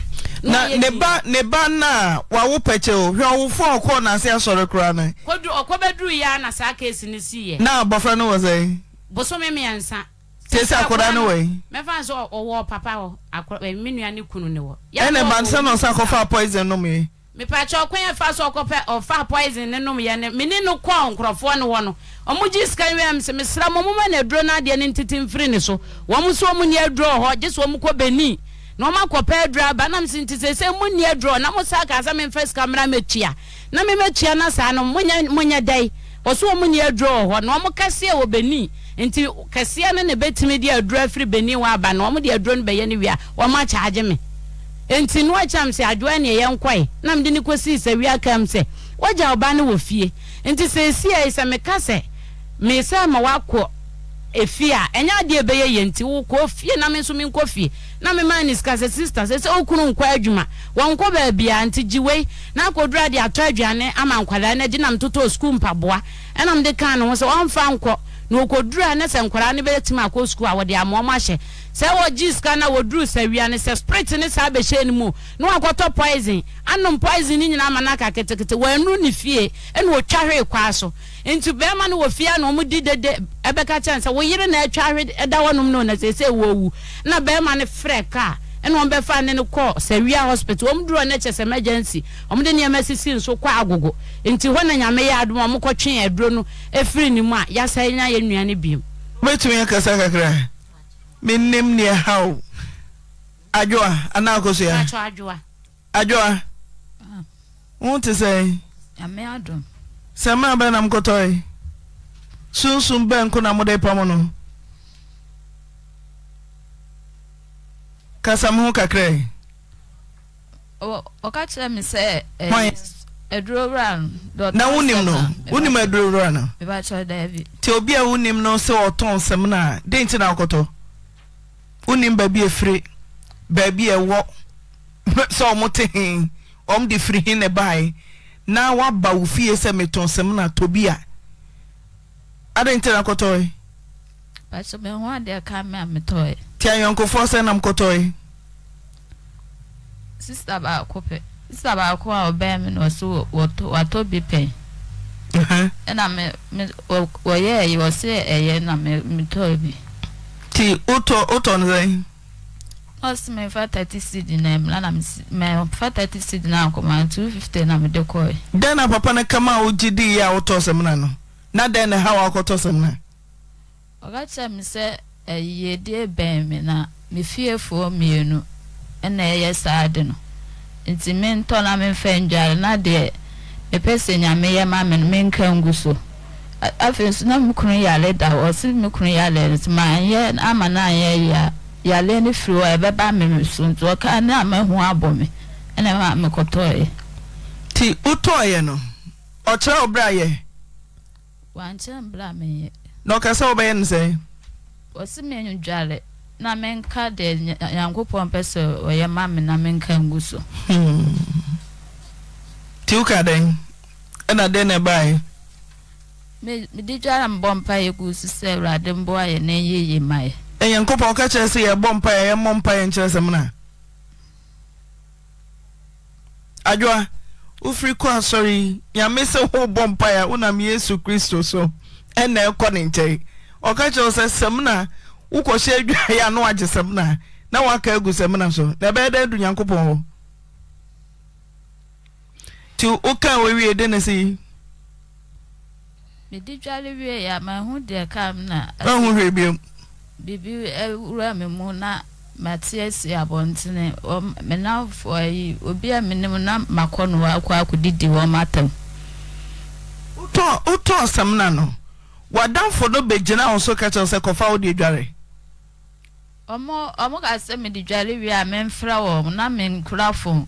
na ne ba ne ba na wawo pɛkyɛ o hwɛ ɔkɔ ase asɔre no ɔkɔ na saa keesi no si yɛ na abɔfra no wɔ sɛ bosome mmiɛnsa tesi akɔda wɔ yi mɛfa ɔwɔ papa akɔ eh, ne kunu ne wɔ na ɔsa akɔfa poison nom yi mepatwa ɔkwan ɛfa so ɔkɔpɛ ɔfa poison ne nom yɛ ne mene no kɔ nkurɔfoɔ no wɔ no ɔmo gye sika wiem sɛ mesra mo moma na aduro no adeɛ no ntete mfiri ne so wɔm nso ɔmo ni aduro hɔ gye sɛ ɔmo kɔ beni na ɔmo akɔpɛ aduro aba nam se nti sɛsɛ mo ni aduro na mo saa kaa sɛ memfa sika mmra mɛtua na memɛtua no saa no monyɛ monyɛ dɛn ɔso ɔmo ni aduro hɔ na ɔmo kɛseɛ wɔ beni nti kɛseɛ no na ɛbɛtumi de aduro afiri beni wɔ aba na ɔmo de aduro no bɛyɛ ne wie a ɔmo akyɛagye me nti nua akyam sɛ adwoa ne ɛyɛ nkɔe na mede ne kɔsii sɛ wiaka m sɛ wagya ɔba no wɔ fie nti sɛ ɛsiei sɛ meka sɛ mesɛ ma woakɔ efie a ɛnyɛ adeɛ bɛyɛ yɛ nti wokɔ fie na me nso menkɔ fie na mema ne sika sɛ sister sɛ sɛ wokunu nkɔ adwuma wɔnkɔ baabia nti gye na akɔdura de atɔ aduane ama nkwadaa no agye nam sukuu mpaboa ɛnam de kaa ne ho sɛ ɔmfa nkɔ na okɔdura ne sɛ nkwadaa no bɛtumi akɔ sukuu a wɔde amoɔm ahyɛ sɛ wɔgye sika na wɔduru sawia no sɛ sprit ne saa bɛhyɛ no mu na wakɔtɔ poison anom poison no nyinaa ma no aka ketekete wɔanu ne fie ɛna wɔtwa hwee kwaa so nti bɛrima no wɔ fie a na ɔmodi dede ɛbɛka kyɛn sɛ wo yere na atwa hwe ɛda hɔnom no na seesei wɔwu na bɛrima no frɛ kaa ɛna ɔmbɛfa ne no kɔ sawia hospital wɔn duro ne kyɛ sɛ emergency wɔn de nneɛma sisi nso kɔ agogo nti hɔ na nyame yɛ adum aduro no efiri ne mu a yasa yɛn kakra. menim ne ɛha o adwoa anaa akosua adwoa wo te sɛ sɛ mmerɛ bɛn na mkɔtɔe sunsum bɛn ko na mode pam no kasa me ho kakra ɔka kyerɛ me sɛ na wonim no wonim adurowura no nti obi a wonim no sɛ ɔtɔn sɛm no a dɛn nti na akɔtɔ wonim baabi ɛfiri baabi ɛwɔ sɛ ɔmo te he ɔm de firi he ne bae na woaba wo fie sɛ metɔn sɛm na tɔ bi a adɛn nti na kɔtɔe nti ayɔnkofoɔ sɛ nam kɔtɔe sista baako pɛ sista baako a ɔbɛn mi na ɔsɛ wɔtɔ watɔ bi pɛn ɛna mi mi wɔyɛ ɛyɛ na mi mi bi. ti utọ utọ nzanyi. ọ sị m fa thirty cedi na m na m fa thirty cedi na akoma two fifty na m de kọọ yi. na papa ne kama a ji di ya a wotọ semina no na den na ha wa akọtọ semina. ọ ka m sɛ bɛn mi na me fiefoɔ mmienu ɛna ɛyɛ saa de no nti ntɔ na na deɛ sɛ nyame yɛ ma so. afei nso na mu kunu yale da hɔ ɔsi mu kunu yale nso ma nyɛ ama na nyɛ ya Yale ne firi hɔ ɛbɛba mi so nti ɔka ne ama ho abɔ mi ɛna ma mi kɔtɔɔ yɛ. ti wotɔɔ yɛ no ɔkyerɛ ɔbra yɛ. wankyerɛ mbra mi yɛ. na ɔkasa ɔbɛyɛ no sɛn. ɔsi mi enyo dware na mi nka deɛ nyankopɔn pɛ sɛ ɔyɛ ma mi na mi nka ngu so. Hmm. ti wuka dɛn ɛna dɛn na ɛbaa yɛ. mededwara mbɔ mpa yɛ gu so sɛ awurade mboa yɛ na ɛnyɛ ye ma yɛ ɛyɛ nkopɔn ka kyerɛ sɛ yɛbɔ mpa yɛ yɛmmɔ mpa yɛ nkyerɛ sɛm no adwoa wofiri kɔ asɔre yi nyame sɛ wobɔ mpa yɛ a wonam yesu kristo so ɛna ɛkɔ ne nkyɛn ɔka kyerɛ sɛ sɛm no a wokɔhyɛ adwaeɛ a na wagye sɛm no a na waka agu sɛm no so na ɛbɛyɛ dɛ adu nyankopɔn hɔ nti wɔwie de ne sɛ yi mede dware wie yɛ mahu deɛ kam na ahu hwɛ biom biribi awura me mu na mate asi abɔntene menamfoɔ ayi obi a menim na makɔ no waakɔ akɔdidi wɔ matam wotɔɔ sɛm na no wadamfo no bɛgyina wo so ka kyerɛ sɛ kɔfa wo deɛ dware ɔmo ɔmo ka sɛ mede dware wie a memfrɛ wɔ na menkora fo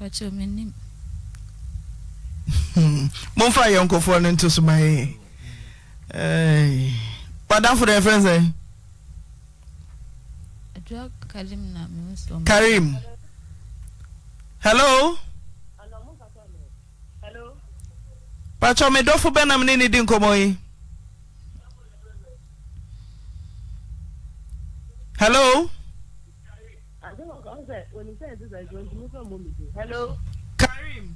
pàtó mi ní. mo ń fa yẹn nkɔfoɔ no nto so ma yɛ wadafo dɛ fɛn sɛ. adua karim na mi n sɔ. karim hello. pàtó mi dɔfo bɛ nam ne ni di nkɔmɔ yi. hello. hello. karim.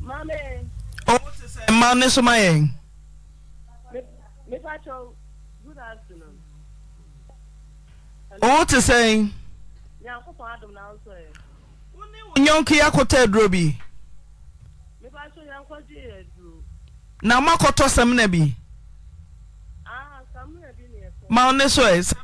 maame. owó oh, ti sẹ́ mma ní súnmọ́ yẹn. mifatio good afternoon. owó ti sẹ́yìn. nyankopɔn adum na nso yɛ. wọ́n ní wọ́n nyɔnko yẹ akɔtɔ ɛduro bi. mifatio nyankopɔn gye yɛ ɛduro. na mo akɔtɔ sɛm na bi. ah sɛm na bi ni ɛfɔ. maa ɔne so yɛ sɛm.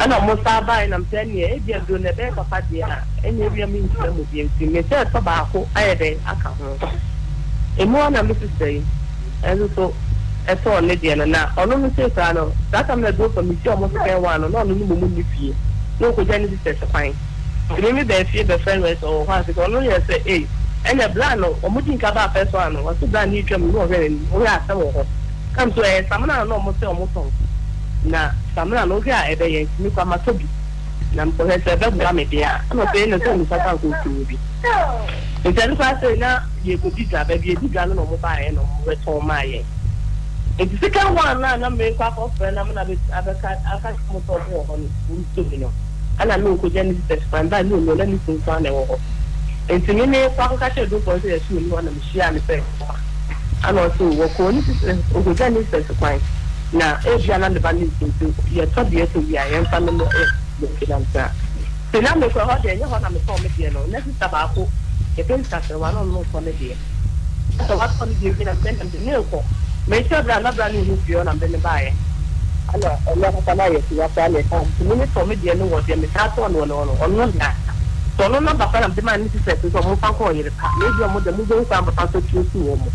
ɛna mo sa na nam sɛ neɛ ebi aduro na ɛbɛyɛ papa deɛ a ɛna mi bi nti baako ayɛ dɛ aka ho emu ana mi sisɛ yi so deɛ no na ɔno no sɛ saa no saa tam na duro fam si ɔmo sɛn wa no na ɔno mo mu fie na ne sɛ kwan tìmí mi fie bɛ fɛn wɛsɛ ɔwɔ hɔ ɔno yɛ sɛ ee blan no ɔmo di nka baa fɛ so ano wɔsi blan ne etwa mu ne ɔhwɛ na samina na oge a ɛbɛ yɛ ntumi kwa ma tobi na mpɔhɛ sɛ ɛbɛ bua mi bia ɛna ɔbɛn na sɛ nnipa kan kò tu obi ntɛni kwa sɛ na yɛ kò di dwa bɛbi edi dwa no na ɔmo ba yɛ na ɔmo bɛ tɔn ma yɛ eti sika wan na na mmiri kwa kɔ fɛ na mo na bɛ abɛka aka mo tɔ bi wɔ hɔ no mo tobi no ɛna mi nkɔ gya ne sisɛ fan ba ne omi ɔna ne fun fan na ɛwɔ hɔ ntumi ne kwa kɔ kakyɛ do kɔ sɛ yɛ si omi hɔ na mo hyia na ehwia na nnipa ne ntonto yɛtɔ deɛ sɛ wia yɛmfa no no ɛ bɛnfinansa sena mekɔ hɔ deɛ ɛnyɛ hɔ na metɔɔ me deɛ no na sista baako yɛbɛ nsasɛwa na ɔno nkɔ ne deɛ sɛ watɔ ne deɛ bi na sɛ nam de ne nkɔ mehyɛ bra na bra ne ho fie hɔ na mbɛ ne baeɛ ana ɔno akasa na ayɛ si wasa na ɛka nti me ne tɔ deɛ no wɔ deɛ metaa tɔɔ no no wɔ ɔno na sɛ ɔno nɔmba na mede maa ne sisɛ so sɛ ɔmo dɛ mobɛhu kwan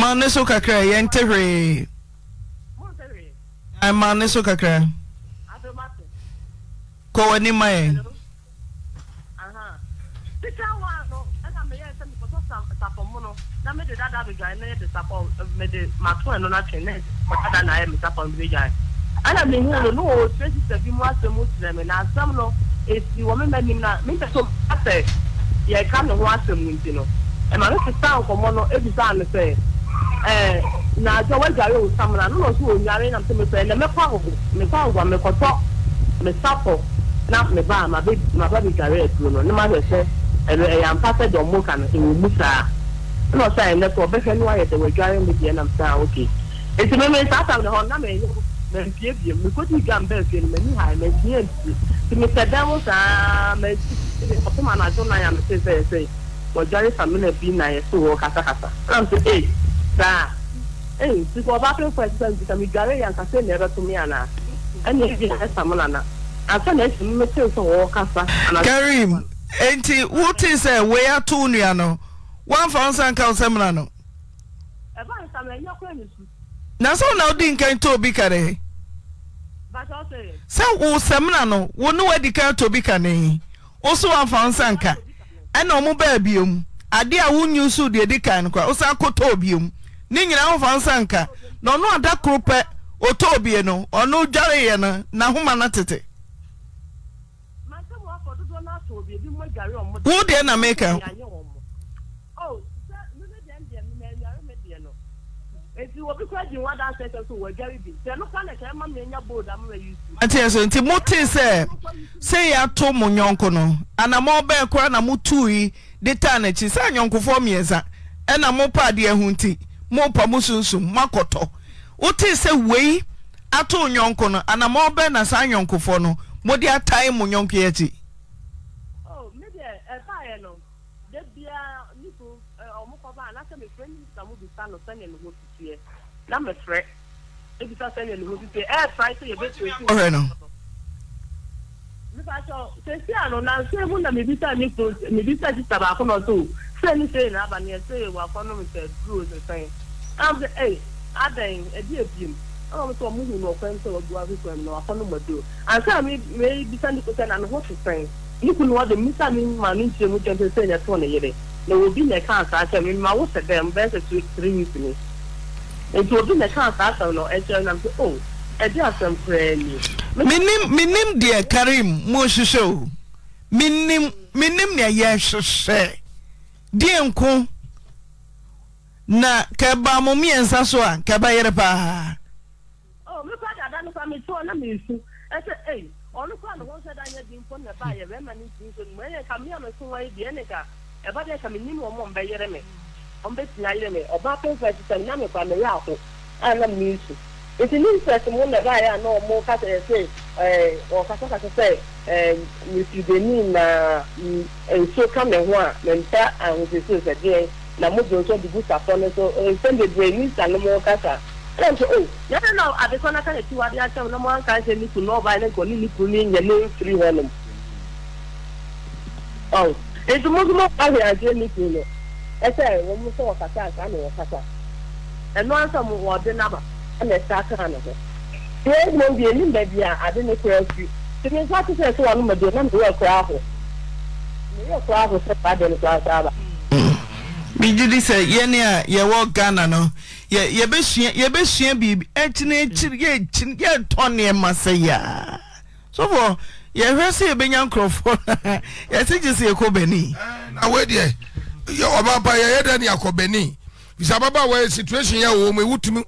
ma ne so kakra yɛnte hwee ma ne so kakra kɔ w'ani ma yɛn na mi hu no no o tire sisɛ bi mu asɛm mi na asɛm no esi wɔ mi mɛ nim na mi tɛ so asɛ yɛ ka ne ho asɛm nti no ɛma no kesa nkɔmɔ no ebisa no sɛ ɛɛ na adwa wagyare wo sam na nono so onyare nam sɛ mesɛ ɛnɛ mɛkɔ ahogo mekɔ ahogo a mekɔtɔ mesapɔ na meba a mabe maba bi gyare aduro no ne ma hwɛ sɛ ɛno ɛyɛ ampa sɛ deɛ ɔmo ka no ɛwɔ mu saa ɛna ɔsɛ ɛnɛ sɛ ɔbɛhwɛ no ayɛ sɛ wagyare me deɛ nam saa oke nti meme saa tam ne hɔ na mɛnyɛ mɛmpie bie mu mekɔdi dwa mbɛ fie no m'ani ha mɛntia nti nti mesɛ dɛn ho saa mɛsi ɔpema no adwo na ya mesɛ sɛ ɛsɛ wɔdware famina bi na yɛ so wɔ kasakasa ɛnam sɛ ee saa ee nti kɔ ɔba afɛnfo ɛsɛ nti mi dware yɛ nkasa na ɛbɛto mi ana ɛna ebi na ɛsa mo nana asa na esi mi te sɛ wɔwɔ kasa. karim nti wote sɛ wei ato nua no wɔnfa nsa nka nsɛm na no. ɛbaa nsa mɛ nyɛ kura ne su. na sɛ na wodi nkan to obi ka dɛ. ne wadi kan to obi ɛna ɔmo baa biom ade a wonyi so deɛ di kan no koa wosan kɔtɔɔ biom ne nyinaa hofa nsa nka na ɔno ada koro pɛ ɔtɔɔ bie no ɔno dwareeɛ no n'ahoma no tete wo deɛ na meka obi kura di nwa dance ɛsɛ so no kwan ɛsɛ ɛma mi enya bold ama mi yi su. ɛti ɛsɛ nti mo ti sɛ se yato mo nyɔnko no anamɔ bɛn kura na mo tu yi de taa n'akyi sɛ anyɔnkofoɔ mmiɛnsa ɛna mo pa adeɛ nti mo pa mo sunsun mo akɔtɔ o ti sɛ wei ato nyɔnko no anamɔ bɛn na saa anyɔnkofoɔ no mo de atae mo nyɔnko yɛ akyi. na mmefrɛ ebisa sɛ yɛ ne ho sise ɛyɛ tra sɛ yɛ bɛ tu esu. ɔhɛ no. nipasɔ sɛsi ano na se mu na mibisa ne kuro mibisa sista baako na ɔso se se na aba se wa kɔ no sɛ duro ne sɛn ɛn sɛ ɛy adan ɛdi ebien ɛna wɔn sɛ wɔn hu na afi kwan na wakɔ no mɔdo ansa mi mi bisa ne ko sɛ na ne ho te sɛn ne kun na ɔde misa ne ma mu na obi na mi ma tiri tiri ni. nti obi na ɛka saa asɛm no ɛkyerɛ nam sɛ o ɛde asɛm koraa ni. menim menim deɛ karim mo hyehyɛ o menim menim nea yɛhyehyɛ deɛ nko na kɛba mo mmiɛnsa so a kɛba yere paa. ɔ mepa dada no pa metɔ na mesu ɛsɛ ei ɔno kora ne ho sɛ da nyɛ di mpo na ɛba yɛ bɛrima ne nsi nso no mu ɛyɛ ka mmea me so wa yi deɛ ɛne ka ɛba deɛ ka menim wɔn mo mbɛyere me ɔmbɛtena ayerɛ me ɔbaako mfa akyi sɛm na mekwa meyɛ ako a na meesu nti ne nsɛs mu na baayɛ a na ɔmo kasa yɛ sɛ ɛɛ ɔkasakasa sɛ ɛɛ mesidani na nsuo ka me ho a mempa ahosiesie sɛdeɛ na mo dɔn nso de gu sapɔ no so nsɛm bebree ne nsa no mo kasa ɛna nso o yɛn na adekɔ na kan akyi wade akyɛw na mo anka nhyɛ ne kunu ɔbaa ne nkɔ ne ne kunu ne nyɛ ne nfiri hɔ nom ɔn nti mo nso mo ba hwɛ agye ne kunu no. ɛsɛ wɔn mu sɛ wɔkasa anka na wɔkasa ɛno asɛm wɔde nama ɛna ɛsɛ aka ne ho deɛ ɛgbɛn bi baabi a ade ne kura fi tumi nso ate sɛ ɛsɛ wɔn mu deɛ nam deɛ deɛ sɛ aba. megye di sɛ yɛne a yɛwɔ ghana no yɛbɛsua biribi akyini akyiri yɛkyini yɛtɔ nneɛma sɛ yaa sɔfɔ yɛhwɛ sɛ yɛbɛnya nkurɔfoɔ yɛsɛ gye sɛ yɛkɔ bani na wadeɛ yɛ ɔbaa pa yɛ yɛ dɛ ne akɔ bɛni bisa ababaawa yɛ situation yɛ wɔ mu wotumi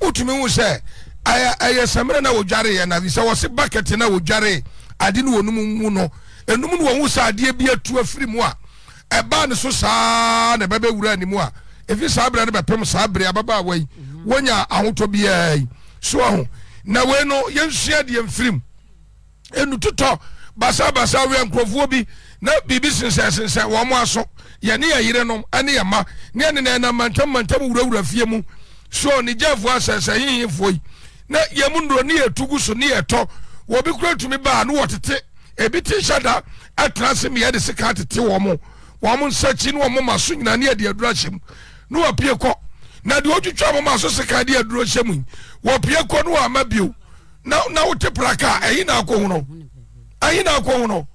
wotumi hu sɛ ɛyɛ ɛyɛ sɛmɛrɛ na wodware yɛ na bisa wɔsi bucket na adi ade no wɔn mu no enum no wɔn sɛ adeɛ bi atu afiri mu a ɛbaa ne so saa na ɛbɛbɛ wura ne mu a efi saa abirɛ no bɛpem saa abirɛ ababaawa yi wɔnya ahotɔ biara yi so ɔho na wei no yɛnsua deɛ mfirim enu tutɔ basabasa wɛ nkurɔfoɔ bi na biribi sensɛnsensɛn wɔn aso. yɛne yɛ yerenom ɛne yɛ ma ne ɛne na mantam mantam wurawura fie mu so ne gyafoɔ asɛsɛyeyefoɔ yi na yɛmu nnuro ne yɛtugu so ne yɛtɔ wɔbi kora tumi baa ne wɔtete ebi te hyɛ da atena se de sika tete wɔ mo wɔn mo nsakyi ne wɔn mo ma so nyina ne yɛde aduro ahyɛ mu ne wɔpie kɔ na deɛ otwitwa mo ma so sika de aduro hyɛ mu wɔpie kɔ ne wɔama bio na na wote praka ɛyi na akɔ hono ɛyi na akɔ hono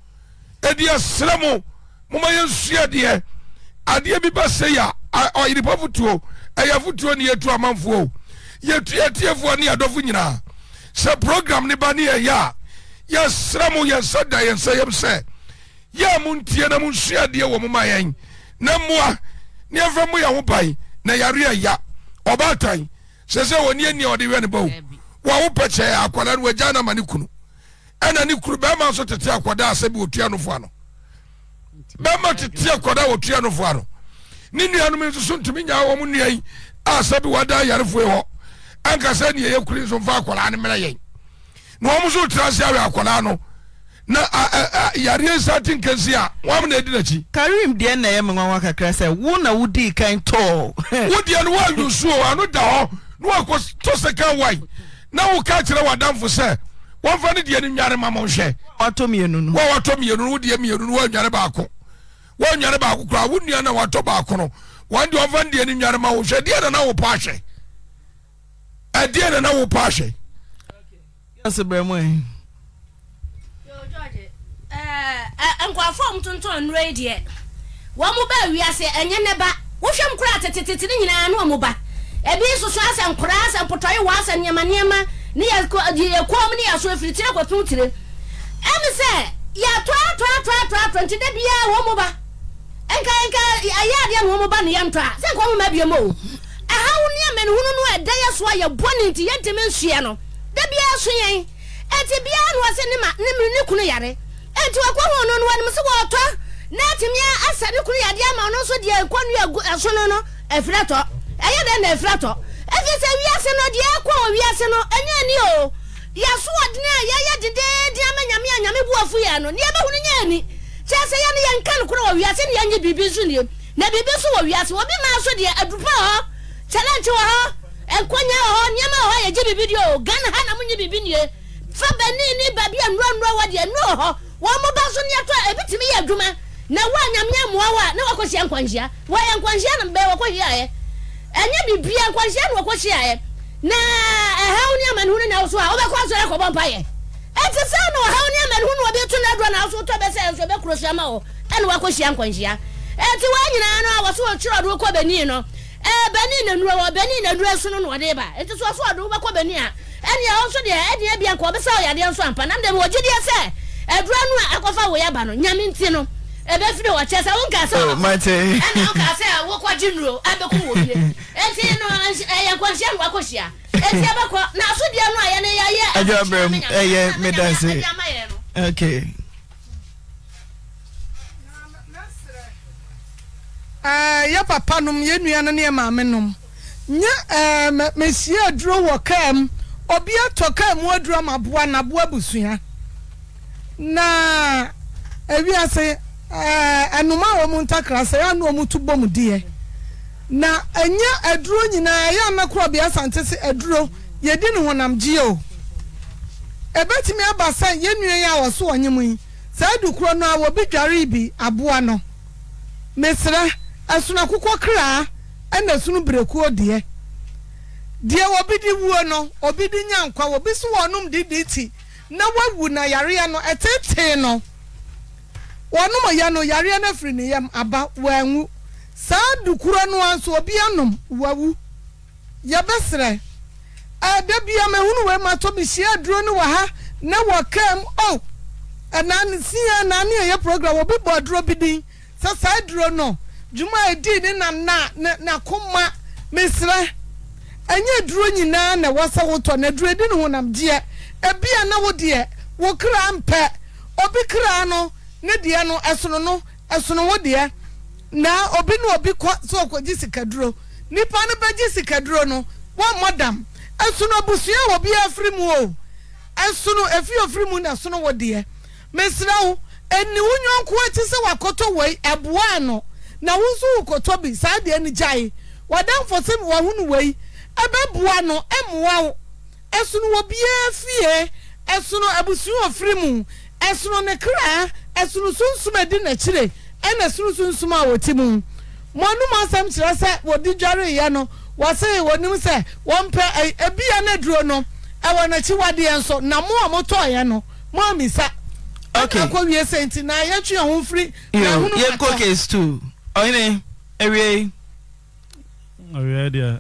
edi asrɛ mo mo ma yɛ nsuadeɛ adeɛ bi ba se a ɔyiripa fotuo ɛyɛ fotuo ne yɛtu amanfoɔ o yɛtu yɛtiefoɔ ne yɛdɔfo nyinaa sɛ program ne ba ne yɛyɛ a yɛsrɛ mo yɛnsa da yɛnsa yɛm sɛ yɛ mo ntie na monsua adeɛ wɔ moma yɛn na mmoa ne yɛmfa mo yɛ ho ban na yare ɛya ɔbaatan sɛ sɛ wɔ ani a ɔde wɛ ne ba o wɔwo pɛkyɛɛ akwadaa no wagya na ma ne kunu ɛna ne kuru bɛrima nso tete akwadaa sɛ bi wɔtua no foa no bɛma tete akɔda wɔtua no foa no ne nuanom nso so ntumi nyaa wɔ m yi a sɛ bi wada yarefoe hɔ anka sɛ ne yɛyɛ kuri nso mfa akɔlaa no mmerɛ yɛn na wɔn nso tena ase awɛ akɔlaa no na yareɛ nsa te nkansi a wɔn na edi n'akyi. karim deɛ na ɛyɛ mmanwa kakra sɛ wo na wodi kan tɔɔ. wodeɛ no wɔanyu suo ano da hɔ na wakɔ to second wine na wo ka kyerɛ wadamfo sɛ wɔmfa ne deɛ no nware ma mo nhwɛ. wɔtɔ mmienu no. wɔn wɔtɔ mmienu no wodeɛ mmienu no wɔn nware baako. wɔn baako kura nua na watɔ baako no wɔn ndị ɔfa deɛ ne nyare ma wohwɛ deɛ na na wo pa ahwɛ ɛdeɛ na yasi mu nnuro yi ebi nso so ne efiri tiri nka nka ɛyɛ adeɛ na wɔn ba ni yɛn to a sɛ nka wɔn mma bie mu o ɛhaw ne amanyɔhunu no ɛda yɛ so a yɛ bɔ ne nti yɛntɛm nsua no dabi aso yɛn eti biara na wɔsɛ ni ma ni mu ne kunu yare eti wɔkɔ hɔn eh, no no wɔn sɛ wɔɔtɔ na etimi asa ne kunu yare ama ɔno nso deɛ nkɔnu egu ɛso no no efirɛ tɔ ɛyɛ dɛ na efirɛ tɔ efi sɛ wiase no deɛ ɛkɔ wɔ wiase no enyo ani o yɛso ɔdini a yɛyɛ dede di ama nyame a nyame bu afu yɛ no nneɛma hu ne nyɛ ani. kyɛ sɛ yɛne yɛnka no korɔ wɔ wiase ne yɛnye biribi nso na biribi nso wɔ wiase wɔbi maa so deɛ adupa wɔ hɔ kyɛlɛnkye wɔ hɔ nkonya wɔ hɔ nneɛma wɔ hɔ yɛgye biribi deɛ o ghana ha na monye biribi nie fa bani ne baabi a nnurannura wɔ deɛ nnuro wɔ hɔ wɔn mo ba so neɛtɔ a ebi tumi yɛ adwuma na wɔ anyamia mmoa wɔ a na wɔkɔ hyia nkwanhyia wɔyɛ nkwanhyia na bɛɛ wɔkɔ hyia yɛ ɛnyɛ biribi na wɔkɔ hyia yɛ na na wɔso a wɔbɛkɔ asɔre akɔbɔ mpa yɛ ɛti sɛ na ɔhaw ne amane ho na wɔbɛto no adorɔ na so wotɔ bɛsɛ ɛnso bɛkuro hyia ma wɔ ɛne wakɔhyia nkwanhyia ɛti wɔn nyinaa no a wɔso wɔtwerɛ ɔde wokɔ bani no ɛɛ bani na nura wɔ bani na nura so na ɔde ba ɛti so ɔso ɔde wobɛkɔ bani a ɛne ɛwɔ nso deɛ ɛne ɛbia nka ɔbɛsɛ ɔyadeɛ nso ampa nam dɛm wɔgye deɛ sɛ ɛdura no a ɛkɔfa wɔ yaba no nyame nti no ɛbɛfiri wɔ kyɛ sɛ wonka sɛ oh, ɛna wonka sɛ wokɔgye nnuro ɛbɛkɔ wɔ bie ɛti no ɛyɛ nkwanhyia na wakɔhyia ɛti ɛbɛkɔ na asodua no a yɛ ne yɛyɛ ɛdi eh, okay. Eh, yɛ papa nom yɛ nua no ne yɛ maame nom nyɛ eh, mesie aduro wɔ kaa mu obi atɔ kaa mu aduro ama aboa na aboa busua na ewia sɛ ɛnum a wɔn ntakra sɛ ɛyɛ anu wɔn to bɔ mu deɛ. na enye aduro nyinaa ya mmekorɔbea asante sɛ aduro yɛdi ne honam gye o ebetumi aba sa yɛnua yi a wɔso wɔnye mu yi saa dukuro no a wɔbi dware bi aboa no mesrɛ ɛsono akokɔ kraa ɛna ɛsono berekuo deɛ deɛ wɔbi di wuo no obi di nya nkwa obi so wɔnom didi ti na wawu na yareɛ no ɛtetee no wɔnom ya no yareɛ no afiri ne yam aba wɔanwu saa dukuro no nso obi anom wawu yɛbɛsrɛ ɛda bia mahunu wei ma tɔ mehyia aduro no wɔ ha na wɔkaa m o oh, ɛnaa sia naa ne ɛyɛ program obi bɔ aduro bi din sɛ saa aduro no dwuma a ɛdii ne nana ne nakoma mesrɛ ɛnyɛ aduro nyinaa na ɛwɔ wotɔ na aduro di ne honamdeɛ ebi a na wo deɛ wo kra mpɛ obi kra no ne deɛ no ɛsono no ɛsono wo deɛ na obi na obi kɔ so ɔkɔgye sikaduro nipa no bɛgye sikaduro no wɔn mmɔ dam ɛsono abusua wɔ bi afiri mu o ɛsono efi ofiri mu na ɛsono wɔ deɛ mesirawo eni wo nyɔnko akyi sɛ wakoto wɔ ɛboa ano na wo nso bi saa deɛ ni gya yi wadanfo sɛ wɔhunu wɔ yi ɛbɛboa no ɛmoa wo ɛsono wɔ bia fie ɛsono abusua ofiri mu ɛsono ne kra ɛsono sunsun edi n'akyire ɛna soro sunsun a wɔte mu mo anum asɛm kyerɛ sɛ wɔde dware yɛ no wɔse wɔnim sɛ wɔmpɛ ebia ne duro no ɛwɔ n'akyi wadeɛ nso na mo a motɔɔ yɛ no mo amisa okay ɛna akɔ wie sɛ nti na yɛtwe ɔho firi na ɛhunu kata yɛ kɔ case two ɔyene ewie. ɔwie deɛ